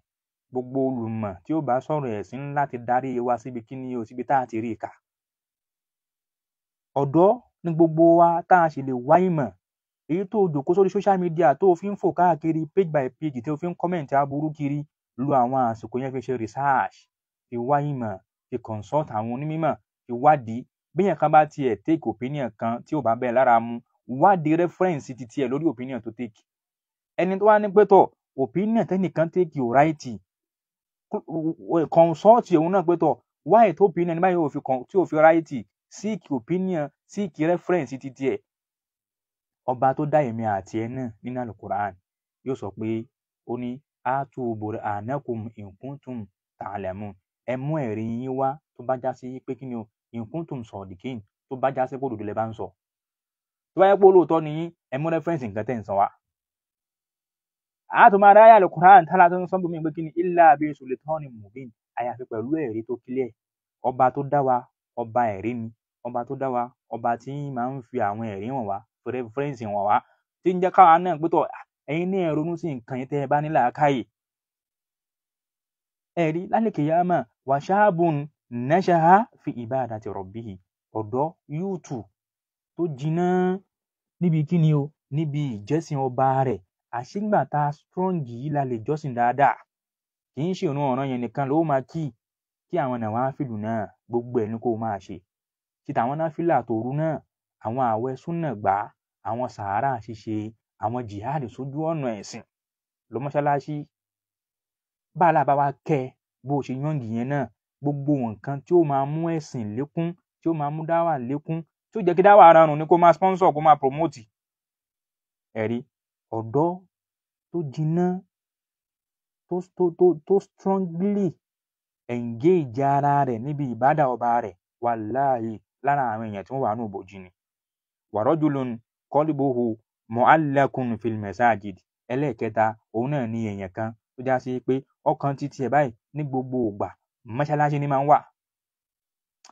gbogbo olùmọ̀ tí ó bá sọ̀rọ̀ ẹ̀sìn ńlá ti darí wa síbi kí ni o síbi tá a ti rí i kà ọ̀dọ́ ní gbogbo wa tá a sì lè wá ìmọ̀ èyí tó jòkó sórí social media tó fi ń fò káàkiri page by page tó fi ń kọ́mẹ̀ntì aburú kiri lo àwọn àsìkò yẹn fi ṣe research fi wá ìmọ̀ fi consult àwọn onímọ̀ fi bíyàn kan bá tiẹ̀ take opinion kan tí ò bá bẹ́ẹ̀ lára mu wádìí reference ti tiẹ̀ lórí opinion tó take ẹni tó wá ní pé opinion tẹ́nìkan take ò ráìtì consult òun náà pé why tó opinion ní báyìí tí ò fi ráìtì seek opinion seek reference ti tiẹ̀ ọba tó dá èmi àti ẹ náà nínú alukur'an yóò sọ pé ó ní atu burhanakum in kuntum ta'lamun ẹ mú ẹ̀rí yín wá tó bá já sí pé kí ni o ìkúntùm sọ̀dìkìn tó bá já sí pé òdodo lẹ bá ń sọ tó bá yẹ pé olóòótọ́ ni yín ẹ mú rẹ́fẹ́rẹ́nsì nǹkan tẹ̀ ń san wa. àtúmọ̀ aráyà lè Kùránì tálá tó ń sọ bómi pé kí ni ilá abiy sultani mubin àyàfi pẹ̀lú ẹ̀rí tó kílẹ̀ ọba tó dá wa ọba ẹ̀rí ni ọba tó dá wa ọba tí máa ń fi àwọn ẹ̀rí wọn wá rẹ́fẹ́rẹ́nsì wọn wá tí ń jẹ́ káwa náà pétọ̀ nashaha fi ibadati rabbihi ọ̀dọ́ yúùtù tó jiná níbi kíni o níbi ìjẹ́sìn ọba rẹ̀ àṣìgbà tá a strong yìí la lè jọ́sìn dáadáa kì í ṣe òun ọ̀ràn yẹn nìkan ló máa kí kí àwọn nàwáfìlù náà gbogbo ẹ̀ ní kó máa ṣe ti tàwọn náfìlà tòru náà àwọn àwẹ̀ súnà gbà àwọn sàárà ṣíṣe àwọn jihad sójú ọ̀nà ẹ̀sìn lọ bá a lábá wa kẹ́ bó o ṣe yọ̀ǹgì yẹn náà gbogbo nǹkan tí ó máa mú ẹ̀sìn lékún tí ó máa mú dáwà lékún tí ó jẹ́ kí dáwà ara rùn ni kó máa sponsor kó máa promote ẹ̀rí ọ̀dọ́ tó jiná tó tó tó strongly engage ara rẹ̀ níbi ìbádà ọba rẹ̀ wàláhì lára àwọn èèyàn tí wọ́n wà ní òbòjì ni wàrọ́jùlùn kọ́líbóhu mọ́álẹ́kùn fìlmẹ̀sáàjì ẹlẹ́ẹ̀kẹta òun náà ni èèyàn kan tó já sí pé ọkàn ti tiẹ̀ báyìí ní gbogbo ìgbà mọ́ṣáláṣí ni máa ń wà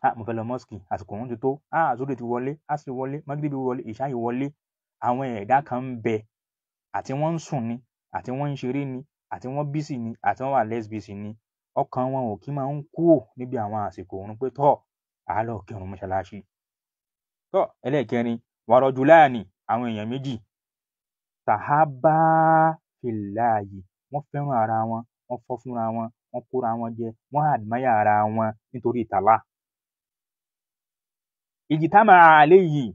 ah mo fẹ́ lọ mọ́sìkì àsìkò òun ti tó ah zoro ti wọlé asiri wọlé magrebi wọlé ìṣáyè wọlé àwọn ẹ̀dá kan ń bẹ àti wọ́n ń sùn ni àti wọ́n ń ṣeré ni àti wọ́n bísì ni àti wọ́n wà less bísì ni ọkàn wọn ò kí máa ń kúò níbi àwọn àsìkò òun pé tọ́ àálọ̀ kírun mọ́ṣáláṣí tọ́ ẹlẹ́ẹ̀kẹrin wàrọ̀jù láàánì àwọn èèyàn méjì tàhábà fìlàyè wọ́n fẹ́ràn ara wọn wọ́n fọ́ fúnra wọn wọ́n kóra wọn jẹ wọ́n àdìmáyà ara wọn nítorí tàlá. ìjìtàmà àlẹ́ yìí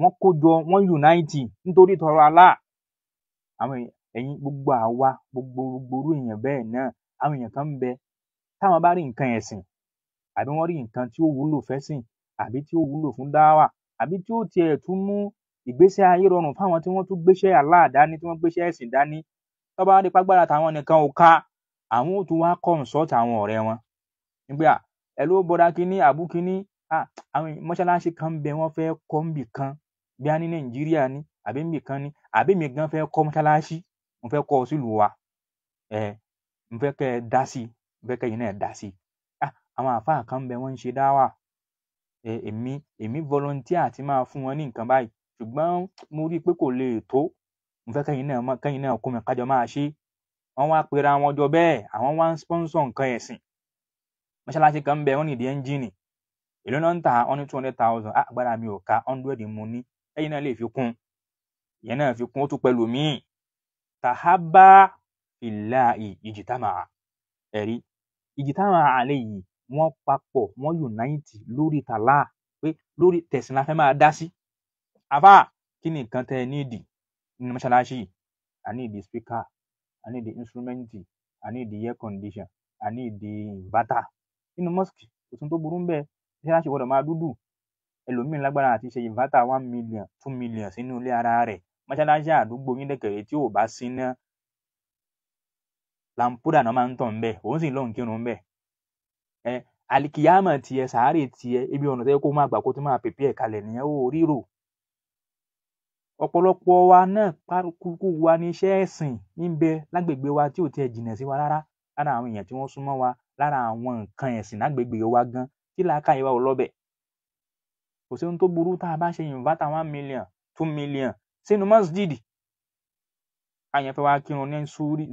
wọ́n kójọ wọ́n unite nítorí tọrọ alá àwọn ẹ̀yin gbogbo àwa gbogbo gbogbo èèyàn bẹ́ẹ̀ náà àwọn èèyàn kan ń bẹ táwọn bá rí nǹkan ẹ̀sìn àbí wọ́n rí nǹkan tí ó wúlò fẹ́sìn àbí tí ó wúlò fún dáwà àbí tí ó tiẹ̀ tún mú ayé rọrùn fáwọn tí wọ́n tún gbéṣẹ́ tí wọ́n gbéṣẹ́ ẹ̀sìn dání nìkan ò ka. àwọn ò tún wá consult àwọn ọ̀rẹ́ wọn nígbà hello bọ́dà kínní àbú kínní àwọn mọ́ṣáláṣí kan ń bẹ wọ́n fẹ́ kọ́ níbì kan bí a ní nàìjíríà ni àbí níbì kan ni àbí mi gan fẹ́ kọ́ mọ́ṣáláṣí mo fẹ́ kọ́ sílùú wa ẹ̀ mo fẹ́ kẹ́ ẹ dá sí i mo fẹ́ kẹ́ ẹ̀yin náà dá sí i àwọn àfáà kan ń bẹ wọ́n ń ṣe dáwà èmi èmi volunteer àti máa fún wọn ní nǹkan báyìí ṣùgbọ́n mo rí i pé kò lè tó mo fẹ́ kẹ́yin náà kẹ́yin mi kájọ máa ṣe wọ́n wá pera wọn jọ bẹ́ẹ̀ àwọn wá ń sponsor nǹkan ẹ̀sìn mọ́ṣáláṣí kan ń bẹ wọ́n nìdí ẹ́ńjìnì èló náà ń tà wọ́n ní two hundred thousand ah, agbára mi ò ka hundred mo ní ẹ̀yin náà lè fi kún ìyẹn náà fi kún ó tún pẹ̀lú míì tàhábà ìlàhì ìjìtàmà ẹ̀rí ìjìtàmà àlẹ́ yìí wọ́n papọ̀ wọ́n unite lórí tàlá pé lórí tẹ̀sìn la fẹ́ máa dá sí àbá kí ni nǹkan tẹ́ ẹ ní ìdì nínú mọ́ṣáláṣí yìí a ní ìdí speaker I need the instrument, I need the air condition, I need the inverter. Nínú mosque, kò sí tó burú ń bẹ̀, iṣẹ́ láti gbọ́dọ̀ máa dúdú. Ẹlòmíín lágbára àti ṣe inverter one million, two million sínú ilé ara rẹ̀. Mọ́ṣáláṣí àdúgbò yín dẹ̀kẹ̀rẹ̀ tí ò bá síná. Lampoda náà máa ń tàn bẹ́ẹ̀, òun sì lọ́n kírun bẹ́ẹ̀. Ẹ alikiyama tiẹ̀, sàárè tiẹ̀, ibi ọ̀nà tó yẹ kó máa gbà kó tó máa pèpè ẹ̀ kalẹ̀ nìyẹn ó rírò ọ̀pọ̀lọpọ̀ wa náà kúkú wa ní iṣẹ́ ẹ̀sìn níbẹ lágbègbè wa tí ò tiẹ̀ jìnnà sí wa rárá lára àwọn èèyàn tí wọ́n súnmọ́ wa lára àwọn nǹkan ẹ̀sìn lágbègbè wa gan tí làákàyè wa ò lọ́bẹ̀ kò sí ohun tó burú tá a bá ṣe ìnvátà one million two million sínú masjid àyàn fẹ́ kírun ní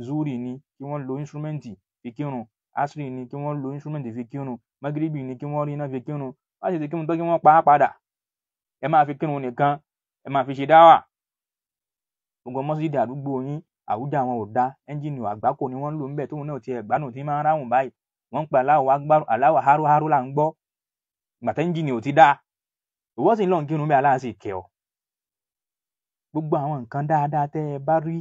zuri ni kí wọ́n lo instrument fi kírun asiri ni kí wọ́n lo instrument fi kírun magiribi ni kí wọ́n rí iná fi kírun wọ́n sì ti kírun tó kí wọ́n pa á padà ẹ máa fi kírun nìkan ẹ máa fi ṣe dáwà gbogbo mọ́sídìí àdúgbò yín àwùjọ àwọn ò ẹ́ńjìnì àgbákò ni wọ́n ń lò ń bẹ̀ tóun náà ti ẹ̀gbánu tí máa ń ráhùn báyìí wọ́n ń pè aláwọ̀ agbárò aláwọ̀ háróháró là ń gbọ́ gbàtẹ́ ẹ́ńjìnì ò ti dáa ìwọ́ sì ń lọ ń kírun bí aláàsì kẹ̀ ọ́ gbogbo àwọn nǹkan dáadáa tẹ́ ẹ bá rí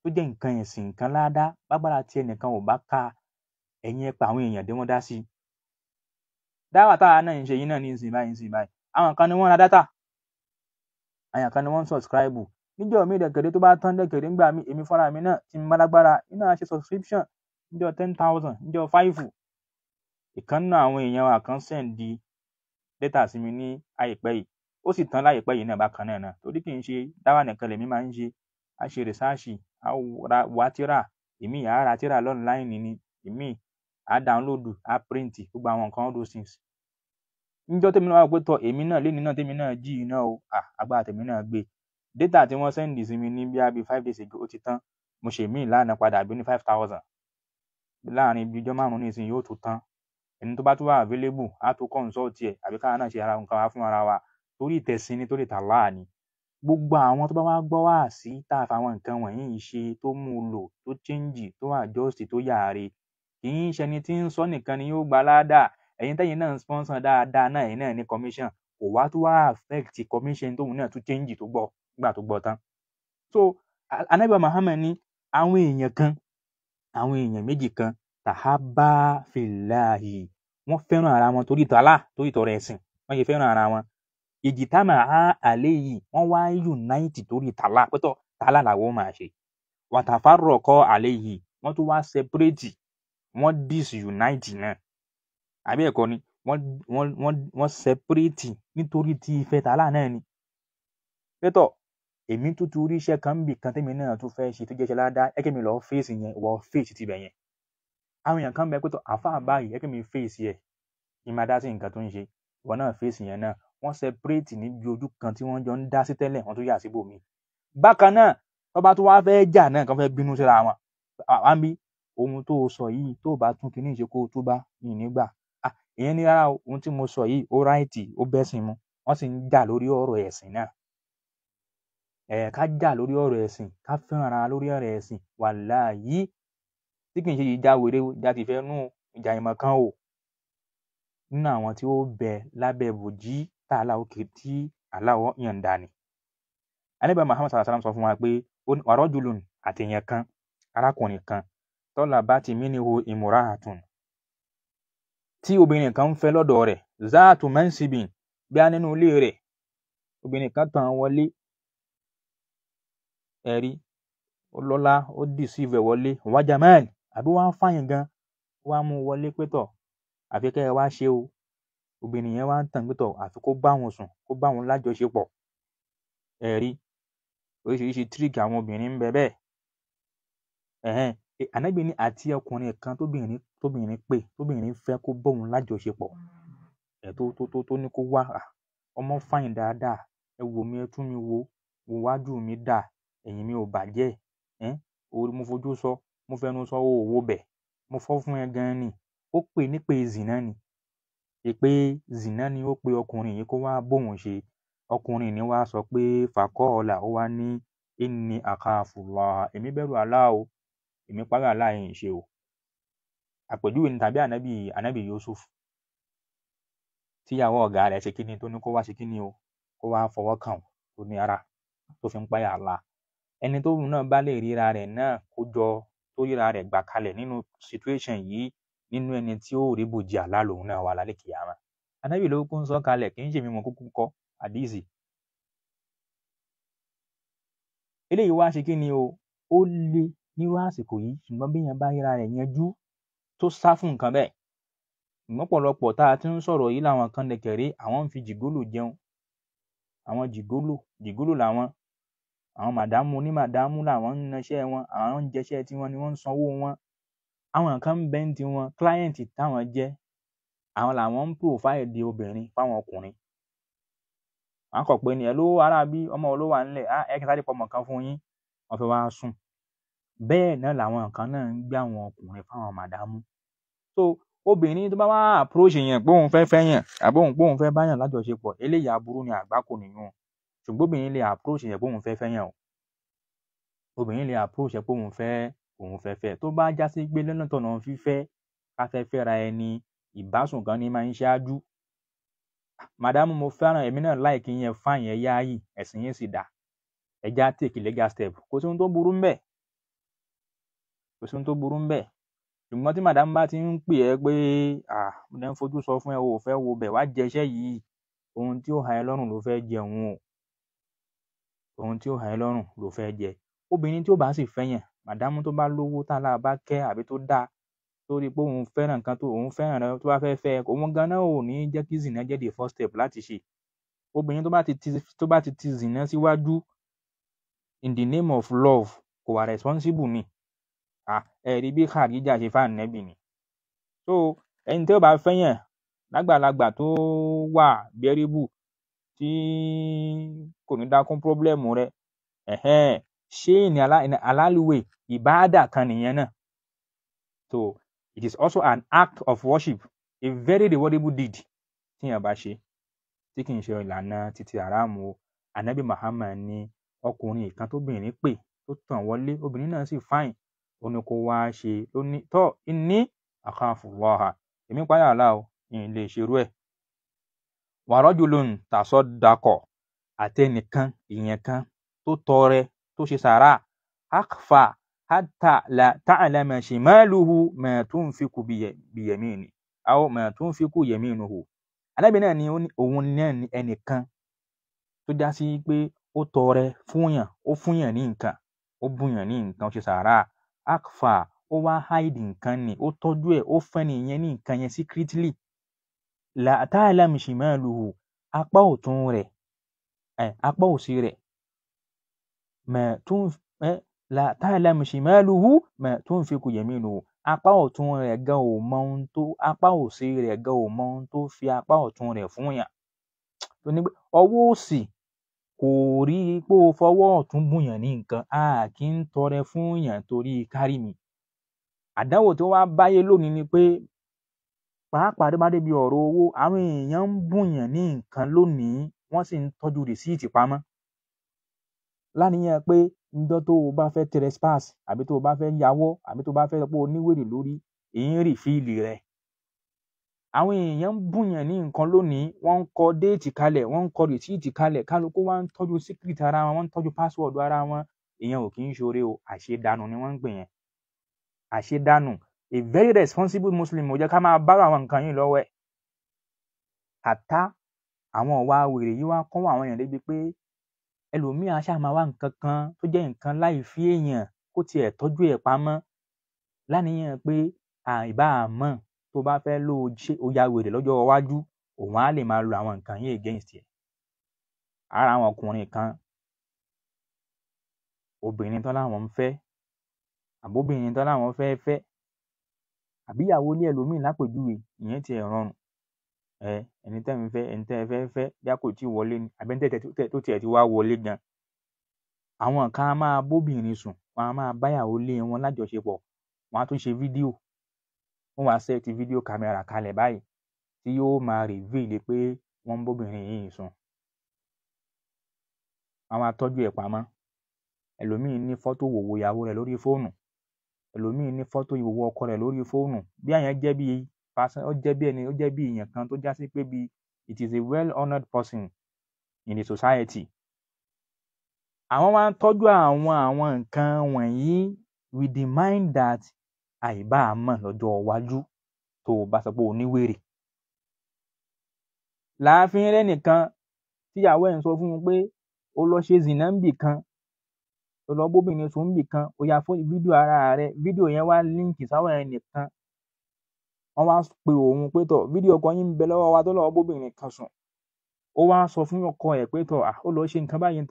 tó jẹ́ nǹkan ẹ̀sìn nǹkan ládàá bágbára tí ẹnìkan ò bá ka ẹ̀yin ẹ pa àwọn èèyàn dé wọ́n dá sí i dáwà táwa náà ń ṣe yìí náà ní ìsìn báyìí ìsìn báyìí àwọn kan ni wọ́n ra dátà àyàn kan ni wọ́n ń subscribe níjọ́ mi dẹ̀kẹ̀dẹ̀ tó bá tán dẹ̀kẹ̀dẹ̀ ńgbà mi èmi fúnra mi náà ti máa lágbára iná ṣe subscription níjọ́ ten thousand níjọ́ five ìkànnà àwọn èèyàn àkànṣe ń di data sí mi ní àìpẹ́ yìí ó sì tán láìpẹ́ yìí náà bákan náà náà torí kì í ṣe dáwà nìkan lèmi máa ń ṣe a ṣe rìsáàṣì a wà tíra èmi àá ra tíra lọ́nà láìní ni èmi àá dáńlódù àá píríǹtì gbogbo àwọn nǹkan all those things níjọ́ tèmi náà wà pé tọ èmi náà lẹ́ni náà tèmi náà jí iná o agbára tèmi náà gbé data tí wọ́n sẹ́ndì sí mi ní bí i five days ago ó ti tán mo ṣe mí ìlànà padà bí ní five thousand láàrin ibi ijọ́ márùn-ún ní ìsìn yóò tún tán ẹni tó bá tún wà available á tún consult ẹ̀ àbí káwa náà ṣe ara nǹkan wá fún ara wa torí ìtẹ̀sìn ni torí tàlá ni gbogbo àwọn tó bá wá gbọ́ wá sí tá a fa àwọn nǹkan wọ̀nyí ṣe tó mú un lò tó change tó adjust tó yàre kì í ṣẹni ẹ̀yin tẹ́yin náà sponsor dáadáa náà ẹ̀yin náà ní commission kò wá tó wá affect commission tóun náà tún change tó gbọ́ gbà tó gbọ́ tán so anabi muhammed ní àwọn èèyàn kan àwọn èèyàn méjì kan tàhábà fìlàhì wọ́n fẹ́ràn ara wọn torí tàlá torí tọrọ ẹ̀sìn wọ́n ṣe fẹ́ràn ara wọn èjì táàmà á àlẹ́ yìí wọ́n wá unite torí tàlá pẹ́tọ́ tàlá làwọn máa ṣe wàtàfàrọ̀ kọ́ àlẹ́ yìí wọ́n tún wá separate wọ́n disunite náà àbí ẹ̀kọ́ ni wọ́n wọ́n wọ́n wọ́n separate nítorí ti ìfẹ́ tààlà náà ni pé tọ̀ èmi tún ti rí iṣẹ́ kan bì kan tẹ́mi náà tún fẹ́ ṣe tó jẹ́ iṣẹ́ ládàá ẹ kí mi lọ fèsì yẹn wọ fèsì ti bẹ̀ yẹn àwọn èèyàn kan bẹ pé tọ̀ àfáà báyìí ẹ kí mi fèsì ẹ̀ kí máa dá sí nǹkan tó ń ṣe ìwọ náà fèsì yẹn náà wọ́n separate níbi ojú kan tí wọ́n jọ ń dá sí tẹ́lẹ̀ wọ́n tún yà síbò mi bákan náà tó bá sọ yìí tó bá tún kíní ìṣe kó o túbá nígbà ìyẹn ní rárá ohun tí mo sọ yìí ó ráìtì ó bẹ́sìn mu wọ́n sì ń jà lórí ọ̀rọ̀ ẹ̀sìn náà ẹ̀ ká jà lórí ọ̀rọ̀ ẹ̀sìn ká fẹ́ràn ara lórí ọ̀rọ̀ ẹ̀sìn wàláhí tí kì í ṣe ìjà wèrè ìjà nù ìjà ìmọ̀ kan o nínú àwọn tí bẹ lábẹ́ bòjí tá aláwọ̀ kì tí aláwọ̀ alẹ́ sọ fún wa pé kan arákùnrin kan tọ́lá bá ti mí ni wo tí obìnrin kan ń fẹ́ lọ́dọ̀ rẹ̀ zaatu mansibin bí a nínú ilé rẹ̀ obìnrin kan tàn wọlé ẹ̀rí ó lọ́lá ó dì sí ìfẹ́ wọlé wá jamal àbí wá fàyìn gan wá mú wọlé pétọ̀ àfi kẹ́ ẹ wá ṣe o obìnrin yẹn wá tàn pétọ̀ àfi kó bá wọn sùn kó bá wọn lájọṣepọ̀ ẹ̀rí oríṣiríṣi tíríkì àwọn obìnrin ń bẹ bẹ́ẹ̀ ẹ̀hẹ́n ànábì àti ọkùnrin kan tóbìnrin tóbìnrin pè tóbìnrin fẹ́ kó bóun lájọṣepọ̀ ẹ̀ tó tó tó tó ní kó wá à ọmọ fine dáadáa ẹ wò mí ẹ tún mi wo wò wájú mi dà ẹ̀yìn mi ò bàjẹ́ ẹ́ orí mo fojú sọ mo fẹnu sọ o ò wo bẹ̀ mo fọ́ fún ẹ gan ni ó pè é nípe zìnà ni èpè zìnà ni ó pe ọkùnrin yìí kó wá bóun ṣe ọkùnrin ni wá sọ pé fàkọọlà ó wá ní inni àkàfùlà èmi bẹ̀rù àlá èmi pàrọ̀ yìí ń ṣe o àpèjúwe ni tàbí ànábì ànábì Yusuf tíyàwó ọ̀gá rẹ̀ ṣe kíni tó ní kó wá ṣe kíni o kó wá fọwọ́ kàn tó ní ara tó fi ń páyà Allah ẹni tó náà bá lè ríra rẹ̀ náà kó jọ tó ríra rẹ̀ gbà kalẹ̀ nínú situation yìí nínú ẹni tí ó rí bòjì Allah lòun náà wà lálẹ́ kìyàmá ànábì ló kó sọ kalẹ̀ kì í ṣe mímọ kúkú kọ àdíìsì eléyìí wá ṣe kíni o ó le nírú àsìkò yìí ṣùgbọ́n bí èèyàn bá ríra rẹ̀ yanjú tó sá fún nǹkan bẹ́ẹ̀ ìmọ̀pọ̀lọpọ̀ tá a ti ń sọ̀rọ̀ yìí làwọn kan nìkẹ̀rí àwọn ń fi jìgólò jẹun àwọn jìgólò jìgólò làwọn àwọn màdámù onímàdámù làwọn ń naṣẹ́ wọn àwọn ń jẹṣẹ́ tiwọn ni wọ́n ń sanwó wọn àwọn kan ń bẹ́ ń tiwọn client táwọn jẹ́ àwọn làwọn ń profile di obìnrin fáwọn ọkùnrin wọn kàn pé ni ẹ ló aráabí ọmọ olówà ńlẹ̀ ẹ kí n sáré pọmọ kan fún yín wọ́n fẹ́ wá sùn bẹ́ẹ̀ náà làwọn kan náà ń gbé àwọn ọkùnrin fáwọn màdámù so obìnrin tó bá wá approach yẹn pé òun fẹ́ fẹ́ yàn àbí òun pé òun fẹ́ bá lájọṣepọ̀ eléyìí aburú ni àgbákò nìyẹn ṣùgbọ́n obìnrin lè approach yẹn pé òun fẹ́ fẹ́ yàn o obìnrin lè approach yẹn pé òun fẹ́ òun fẹ́ fẹ́ tó bá já sí gbé lọ́nà fífẹ́ afẹ́fẹ́ ra ẹni ìbásùn kan ní máa ń ṣáájú màdámù mo fẹ́ràn èmi náà láìkí yẹn fáyẹn yáàyè ẹ̀sìn yẹn sì dà ẹja take legal step kò sí ohun tó burú ń bẹ́ẹ̀ kò sí ohun tó burú ńbẹ ṣùgbọ́n tí madam bá ti ń pè ẹ́ pé ah mo dẹ̀ ń fojú sọ fún ẹ o ò fẹ́ wo bẹ̀ wá jẹ iṣẹ́ yìí ohun tí ó há ẹ lọ́rùn ló fẹ́ jẹ òun o ohun tí ó há ẹ lọ́rùn ló fẹ́ jẹ obìnrin tí ó bá sì fẹ́yàn madam tó bá lówó tálá bá kẹ́ àbí tó dáa torí pé òun fẹ́ràn nǹkan tó òun fẹ́ràn rẹ tó bá fẹ́ fẹ́ òun ganan ò ní jẹ́ kí zina jẹ́ the first step láti ṣe obìnrin tó bá ti ti tó bá ti ti zina síwájú in the name of love kò wà responsible ni ẹ̀rí bí Khadija ṣe fà nẹ́bì ni so ẹni tí ó bá fẹ́yàn lágbàlagbà tó wà bẹ́rẹ́bù tí kò ní dákún pírọ́blẹ́mù rẹ ṣé ní aláluwe ìbáàdà kan nìyẹn náà so it is also an act of worship a very rewardable deed tíyàn bá ṣe tí kì í ṣe ìlànà títí àràmù o anabi Muhammad ní ọkùnrin kan tóbìnrin pè tó tàn wọlé obìnrin náà sì fáìn ó ní kó wáá ṣe ló ní tọ inni akhafullaha èmi páyà àlá o lè ṣerú ẹ wa rajulun tasaddaqa àtẹnìkan ìyẹn kan tó tọrẹ tó ṣe sàrà akfa hatta la ta'lama shimaluhu ma tunfiqu biyamini aw ma tunfiqu yaminuhu alábìnrin náà ni òun náà ni ẹnìkan tó já sí pé ó tọrẹ fúnyàn ó fúnyàn ní nǹkan ó bùyàn ní nǹkan ó ṣe sàrà akfa ó wá hide nǹkan ni ó tọ́jú ẹ̀ ó fẹ́ni yẹn ní nǹkan yẹn secretly la ta'lam shimaluhu apá ọ̀tún rẹ̀ ẹ̀ apá òsì rẹ̀ ma tun ẹ̀ la ta'lam shimaluhu ma tunfiqu yaminuhu apá ọ̀tún rẹ̀ gan ò mọ ohun tó apá òsì rẹ̀ gan ò mọ ohun tó fi apá ọ̀tún rẹ̀ fún yàn tó ní pé ọwọ́ òsì kò rí i pé o fọwọ́ ọ̀tún bùyàn ní nǹkan a kì í tọrẹ fún yàn torí kárí mi àdánwò tó wá báyé lónìí ni pé pàápàá tó bá débi ọ̀rọ̀ owó àwọn èèyàn ń bùyàn ní nǹkan lónìí wọ́n sì ń tọ́jú rìsíìtì pamọ́ láníyàn pé njọ́ tó o bá fẹ́ trespass àbí tó o bá fẹ́ yáwọ́ àbí tó o bá fẹ́ sọ pé o níwèrè lórí èyí ń rìfíìlì rẹ̀ àwọn èèyàn ń bùyàn ní nǹkan lónìí wọ́n ń kọ déètì kalẹ̀ wọ́n ń kọ rìsíìtì kalẹ̀ kálukú wá ń tọ́jú secret ara wọn wọ́n ń tọ́jú password ara wọn ìyẹn ò kì í ṣoore o àṣedànù ni wọ́n ń pè yẹn àṣedànù a very responsible muslim ò jẹ́ ká máa bára àwọn nǹkan yìí lọ́wọ́ ẹ̀ àtá àwọn ọ̀wá wèrè yìí wá kọ́ àwọn èèyàn débi pé ẹlòmíì aṣá máa wá nǹkan kan tó jẹ́ nǹkan láì fi èèyàn kó tiẹ̀ tọ́jú ẹ̀ pamọ́ láníyàn pé àìbá àmọ́ tó bá fẹ́ lò ó ṣe ó ya wèrè lọ́jọ́ iwájú òun á lè máa lo àwọn nǹkan yìí against ẹ̀ ara àwọn ọkùnrin kan obìnrin tán láwọn ń fẹ́ àbóbìnrin tán láwọn fẹ́ fẹ́ àbíyàwó ilé ẹlòmíín lápèjúwe ìyẹn tiẹ̀ rọrùn ẹ ẹni tẹ́ ń fẹ́ ẹni tẹ́ ẹ fẹ́ fẹ́ bí a kò tí ì wọlé ni àbí ẹni tẹ́ tó tiẹ̀ ti wá wọlé gan àwọn kan á máa bóbìnrin sùn wọn á máa báyàwó ilé wọn lájọṣepọ̀ wọn á tún ṣe fídíò wọ́n wá set fídíò kámẹ́rà kalẹ̀ báyìí tí yóò máa reveal pé wọ́n ń bóbìnrin yìí sùn wọ́n máa tọ́jú ẹ̀ pamọ́ ẹlòmíín ní fọ́tò ìwòwò ìyàwó rẹ̀ lórí fóònù ẹlòmíín ní fọ́tò ìwòwò ọkọ rẹ̀ lórí fóònù bí àyàn jẹ́ bí person ó jẹ́ bí ẹni ó jẹ́ bí èèyàn kan tó já pé bí it is a well honoured person in the society àwọn máa ń tọ́jú àwọn àwọn nǹkan wọ̀nyí with the mind that àìbá a mọ̀ lọ́jọ́ iwájú tó o bá sọ pé o níwèrè. láàfin rẹ́nìkan tíyàwó ẹ̀ ń sọ fún un pé o lọ ṣe zìnà kan o lọ bóbìnrin sùn kan o yà fún fídíò ara rẹ fídíò yẹn wá líǹkì sáwọn ẹnìkan wọ́n wá pe òun pé tọ̀ fídíò kan yín bẹ lọ́wọ́ wa tó lọ́wọ́ bóbìnrin kan sùn ó wá sọ fún ọkọ ẹ̀ pé tọ̀ lọ ṣe nǹkan báyìí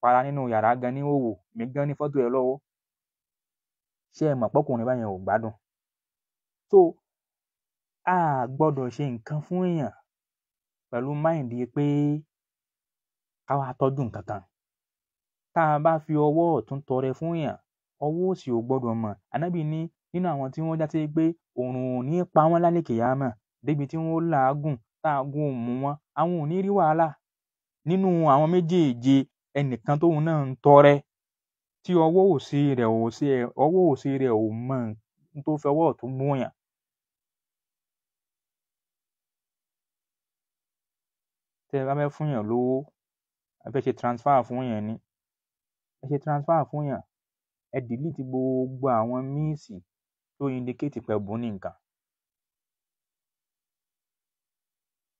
para nínú yàrá gan ní òwò èmi gan ní fọ́tò ẹ̀ lọ́wọ́ ṣé ẹ mọ̀ pọ́kùnrin báyẹn ò gbádùn so a gbọ́dọ̀ ṣe nǹkan fún èèyàn pẹ̀lú máìndì pé ká wá tọ́jú nǹkan kan tá a bá fi ọwọ́ ọ̀tún tọrẹ fún èèyàn ọwọ́ òsì ò gbọ́dọ̀ mọ̀ ànábì ní nínú àwọn tí wọ́n jáde pé òòrùn ò ní pa wọ́n lálẹ́ kìyàmà débi tí wọ́n làágùn táàgùn ò mú wọn àwọn ò ní rí wàhálà nínú àwọn méjèèje ẹnìkan tóun náà ń tọrẹ tí ọwọ́ òsì rẹ̀ ò sí ẹ̀ ọwọ́ òsì rẹ̀ ò mọ tó fẹ́ ọwọ́ ọ̀tún mú yàn. tẹ́ ẹ bá fẹ́ fún yàn lówó ẹ ṣe transfer fún yàn ni ẹ ṣe transfer fún yàn ẹ delete gbogbo àwọn míìsì tó indicate pé ẹ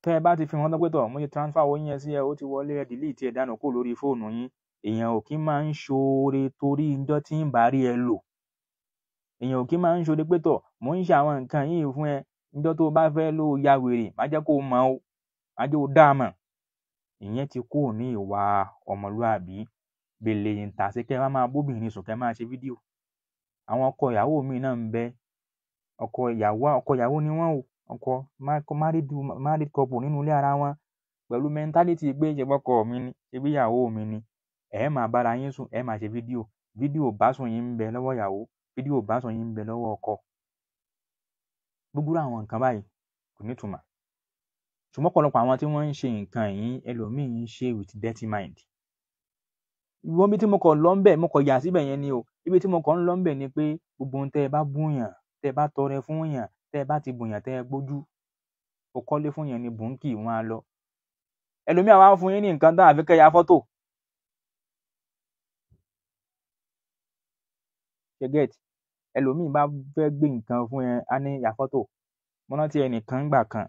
tẹ́ ẹ bá ti fi hàn tán pé tọ̀ mo ṣe transfer sí ẹ ó ti wọlé ẹ delete ẹ dànù kó lórí fóònù yín èèyàn ò kí máa ń ṣoore torí ijọ́ tí ń bá rí ẹ lò èèyàn ò kí máa ń ṣoore pé tọ̀ mo àwọn nǹkan yìí fún ẹ ijọ́ tó bá fẹ́ ló ya wèrè má jẹ́ kó o mọ̀ o má dá a mọ̀ ìyẹn ti kúrò ní ìwà ọmọlúàbí bèlè ìta sí kẹ́ ẹ máa bóbìnrin sùn kẹ́ ẹ máa ṣe fídíò àwọn ọkọ ìyàwó ọkọ married woman married couple nínú ilé ara wọn pẹ̀lú mentality pé ṣèbọ́kọ mi ni ṣebí ìyàwó mi ni ẹ máa bára yín sùn ẹ máa ṣe fídíò fídíò ìbásùn yín ń bẹ lọ́wọ́ ìyàwó fídíò ìbásùn yín ń bẹ lọ́wọ́ ọkọ gbogbo àwọn nǹkan báyìí kò nítumọ̀ ṣùgbọ́n ọ̀pọ̀lọpọ̀ àwọn tí wọ́n ń ṣe nǹkan yìí ẹlòmíì ń ṣe with dirty mind ìwọ bí tí mo kọ̀ lọ ńbẹ̀ mo kọ̀ yà síbẹ̀ yẹn ni o ibi tí mo kọ̀ ń lọ ńbẹ̀ ni pé gbogbo ohun tẹ́ ẹ bá búyàn tẹ́ ẹ bá tọrẹ fún yàn tẹ́ ẹ bá ti bùnyàn tẹ́ ẹ gbójú o kọ́lé fún yàn ni bùnkì wọn á lọ ẹlòmíà wá fún yín ní nǹkan tán àfi kẹ́ ya fọ́tò ṣe get ẹlòmíì bá fẹ́ gbé nǹkan fún ẹ á ní ya fọ́tò mo rántí ẹnìkan ńgbà kan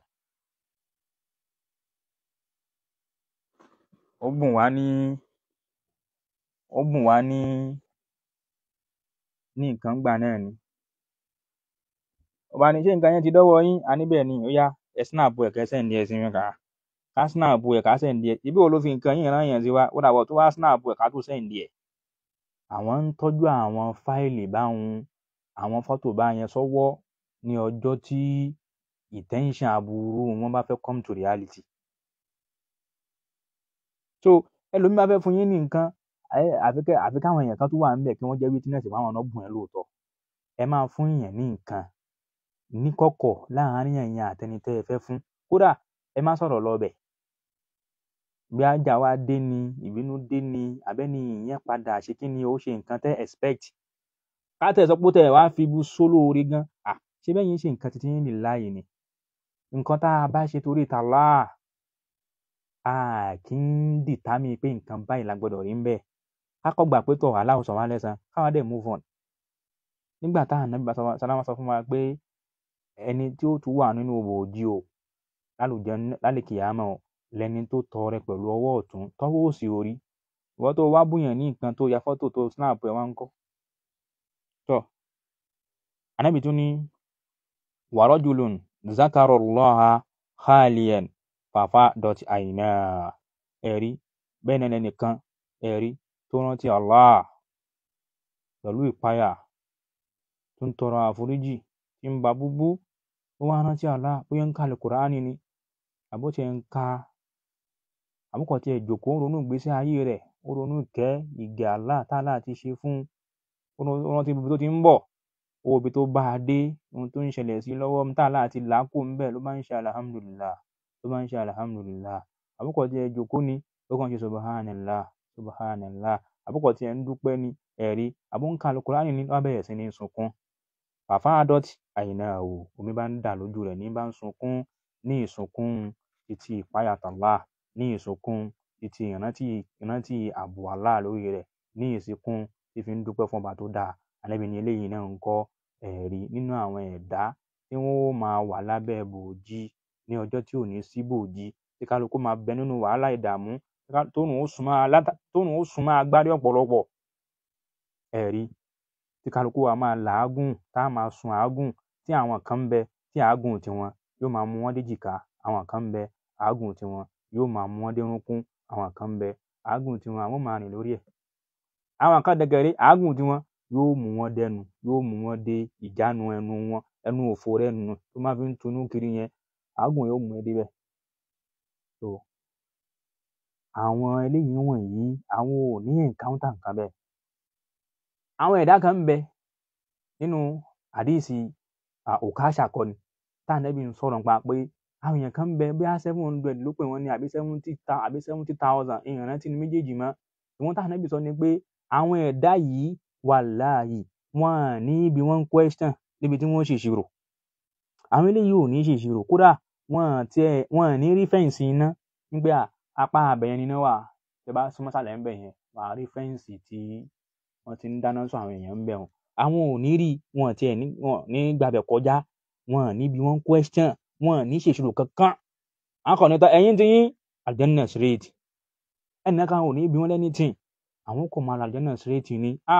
ó bùn wá ní ó bùn wá ní ní nǹkan ńgbà náà ni ọba ní ṣé nǹkan yẹn ti dọ́wọ́ yín àníbẹ̀ ni ó yá ẹ snap ẹ̀ kẹ́ sẹ́ǹdì ẹ̀ sí mi kà á ká snap ẹ̀ ká sẹ́ǹdì ẹ̀ ibi wo ló fi nǹkan yín rán yẹn sí wa ó dàbọ̀ tó wá snap ẹ̀ ká tó sẹ́ǹdì ẹ̀ àwọn ń tọ́jú àwọn fáìlì báwọn àwọn fọ́tò báyẹn sọ́wọ́ ní ọjọ́ tí intention aburú wọn bá fẹ́ come to reality so ẹlòmíín bá fẹ́ fún yín ní nǹkan àfi káwọn èèyàn kan tó wà níbẹ̀ kí wọ́n jẹ́ witness ẹ̀ máa fún èèyàn ní nǹkan níkọ̀kọ̀ láàárín ẹ̀yin àtẹni tẹ́ ẹ fẹ́ fún kódà ẹ má sọ̀rọ̀ lọ bẹ̀ bí ajá wa dé ni ìbínú dé ni abẹ́ni ìyẹn padà ṣe kí ni ó ṣe nǹkan tẹ́ expect kátẹ́ sọ pé tẹ́ ẹ wá fi ibu sólóore gan à ṣé bẹ́ẹ̀ yín ṣe nǹkan títí yín láàyè ni nǹkan tá a bá ṣe torí ta láà a kì í dìtámì pé nǹkan báyìí la gbọdọ̀ rí ń bẹ́ẹ̀ kákọ́ gbà pé tọ̀ aláwọ̀ sọ̀rọ̀ alẹ́ san káwọn dẹ̀ move on nígbà táwọn ànábì bá sọ fún wa pé ẹni tí ó tún wà nínú ibòòji o lálùjẹ lálìkìyámà o lẹni tó tọrẹ pẹ̀lú ọwọ́ ọ̀tún tọ́wọ́ òsì ò rí ìwọ tó wá bùyàn ní nǹkan tó ya fọ́tò tó snap ẹ̀ wá ń kọ́ tọ́ anábì tún ní wàrọ́jùlùn zakarọ̀lọ́ha hàlìyàn fàfà dot àìnà ẹ̀rí bẹ́ẹ̀ náà lẹ́nìkan ẹ̀rí tó rántí Allah pẹ̀lú ìpayà tó ń tọrọ àforíjì tí ń ba búbú, ó wá rántí Allah bóyá ó ń ka al ni àbó tiẹ̀ ń ka àbó kàn joko, jókòó ronú ìgbésí ayé rẹ̀, ó ronú ìkẹ́ ìgẹ̀ Allah t'Allah ti ṣe fún un, ó rántí ibi tó ti ń bọ̀, ó wo ibi tó bá a dé, ohun tó ń ṣẹlẹ̀ sí i lọ́wọ́, ohun t'Allah ti là á kúrò ńbẹ̀ ló bá ń Alhamdulillah, ló bá ń ṣe Alhamdulillah, àbó kàn tiẹ̀ jókòó ni, ó kàn ń ṣe Subhanallah, Subhanallah, àbó kàn tiẹ̀ ń dúpẹ́ ni, ẹ̀rí, àbó ń ka Al-Qur'ani ni ló bá bẹ̀rẹ̀ sí Pàfádọ́t àyìnà o omi bá ń dà lójú rẹ̀ ní bá ń sunkún ní ìsunkún titi ìpáyà t'Allah, ní ìsunkún titi ìrántí ìrántí ààbò Allah lórí rẹ̀, ní ìsunkún tí fi ń dúpẹ́ fún ọba tó dáa. Ànábì ní eléyìí náà ńkọ́ ẹ̀rí nínú àwọn ẹ̀dá tí wọ́n ó máa wà lábẹ́ bòòji ní ọjọ́ tí ò ní sí bòòji, tí kálukú máa bẹ nínú wàhálà ìdààmú, tóòrùn ó sún mọ́ agbárí ọ̀pọ̀lọpọ̀ ẹ̀rí tí kálukú wa máa làágùn tá a máa sun awọn tí àwọn kan ń bẹ tí tiwọn yóò máa mú wọn déjìká àwọn kan ń bẹ tiwọn yóò máa mú wọn dérúnkún àwọn kan ń bẹ tiwọn àwọn máa rìn lórí ẹ̀ àwọn kan dẹ̀gẹ̀rẹ́ tiwọn yóò mú wọn dẹnu yóò mú wọn dé nu tó máa fi ń tunú kiri yẹn yóò mú ẹ so àwọn eléyìí àwọn ẹ̀dá kan ń bẹ nínú àdíìsì òkàṣà kọ́ni tá ànábì ń sọ̀rọ̀ nípa pé àwọn èèyàn kan ń bẹ bí i seven hundred ló pè wọ́n ní àbí seventy ta àbí seventy thousand ìrántí ni méjèèjì mọ́ ìwọ̀n tá ànábì sọ ni pé àwọn ẹ̀dá yìí wàláhì wọn à ní ibi wọn ń question níbi tí wọ́n ṣèṣirò àwọn eléyìí ò ní ṣèṣirò kódà wọn à tiẹ̀ wọn à ní rí fẹ́ǹsì iná nígbà apá abẹ̀yẹn ni iná wà tẹ bá súnmọ́ sàlẹ̀ ń bẹ̀ yẹn wàá rí fẹ́ǹsì tí wọ́n ti ń dáná sun àwọn èèyàn ń bẹ̀ wọn àwọn ò ní rí wọn àti ẹ̀ ní gbàbẹ̀ kọjá wọn níbi wọn question wọn ní ṣèṣirò kankan akọni ta ẹ̀yin ti yín aljanna straight ẹnìkan kan ò ní bí wọn lẹ́ni tì àwọn kò máa aljanna straight ni a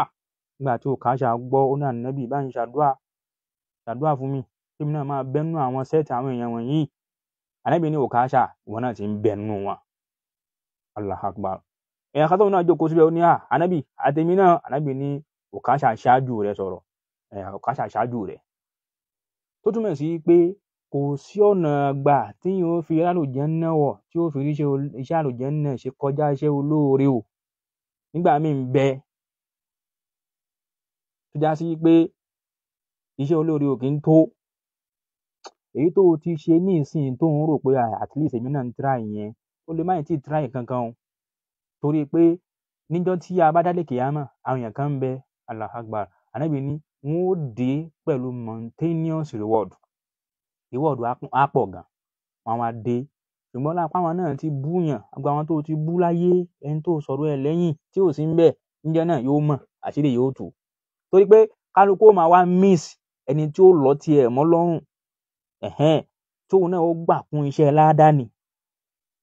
nígbà tí òkà ṣá gbọ́ ó náà nẹ́bí bá ń ṣàdúrà ṣàdúrà fún mi tèmi náà máa bẹ́nu àwọn sẹ́ẹ̀tì àwọn èèyàn wọ̀nyí ànábì ní òkà ṣá ìwọ náà ti ń bẹ́nu wọn allah akbar èèyàn kan tóun náà jókòó síbẹ̀ ó ní à ànábì àtẹ̀mí náà ànábì ní òkà ṣàṣáájú rẹ sọ̀rọ̀ òkà ṣàṣáájú rẹ tó túmọ̀ sí pé kò sí ọ̀nà gbà tí yóò fi alòjẹ́ ń náwọ̀ tí yóò fi rí iṣẹ́ alòjẹ́ ń náà ṣe kọjá iṣẹ́ olóore o nígbà míì ń bẹ tó já sí pé iṣẹ́ olóore ò kí ń tó èyí tó o ti ṣe ní ìsìn tó ń rò pé at least èmi náà ń try yẹn o lè má ì tí ì try kankan o torí pé níjọ́ tí a bá dálé kìyàmà àwọn èèyàn kan ń bẹ Allahu Akbar ànábì ní wọn ó dé pẹ̀lú mountainous reward reward á pọ̀ gan wọn wá dé ṣùgbọ́n lápá àwọn náà ti búyàn àgbà àwọn tó ti bú láyé ẹni tó sọ̀rọ̀ ẹ̀ lẹ́yìn tí ò sí ń bẹ̀ níjọ́ náà yóò mọ̀ àṣírí yóò tú torí pé kálukú ó máa wá miss ẹni tí ó lọ tiẹ̀ mọ́ lọ́rùn ẹ̀hẹ́n tóun náà ó gbà kún iṣẹ́ ládàá ni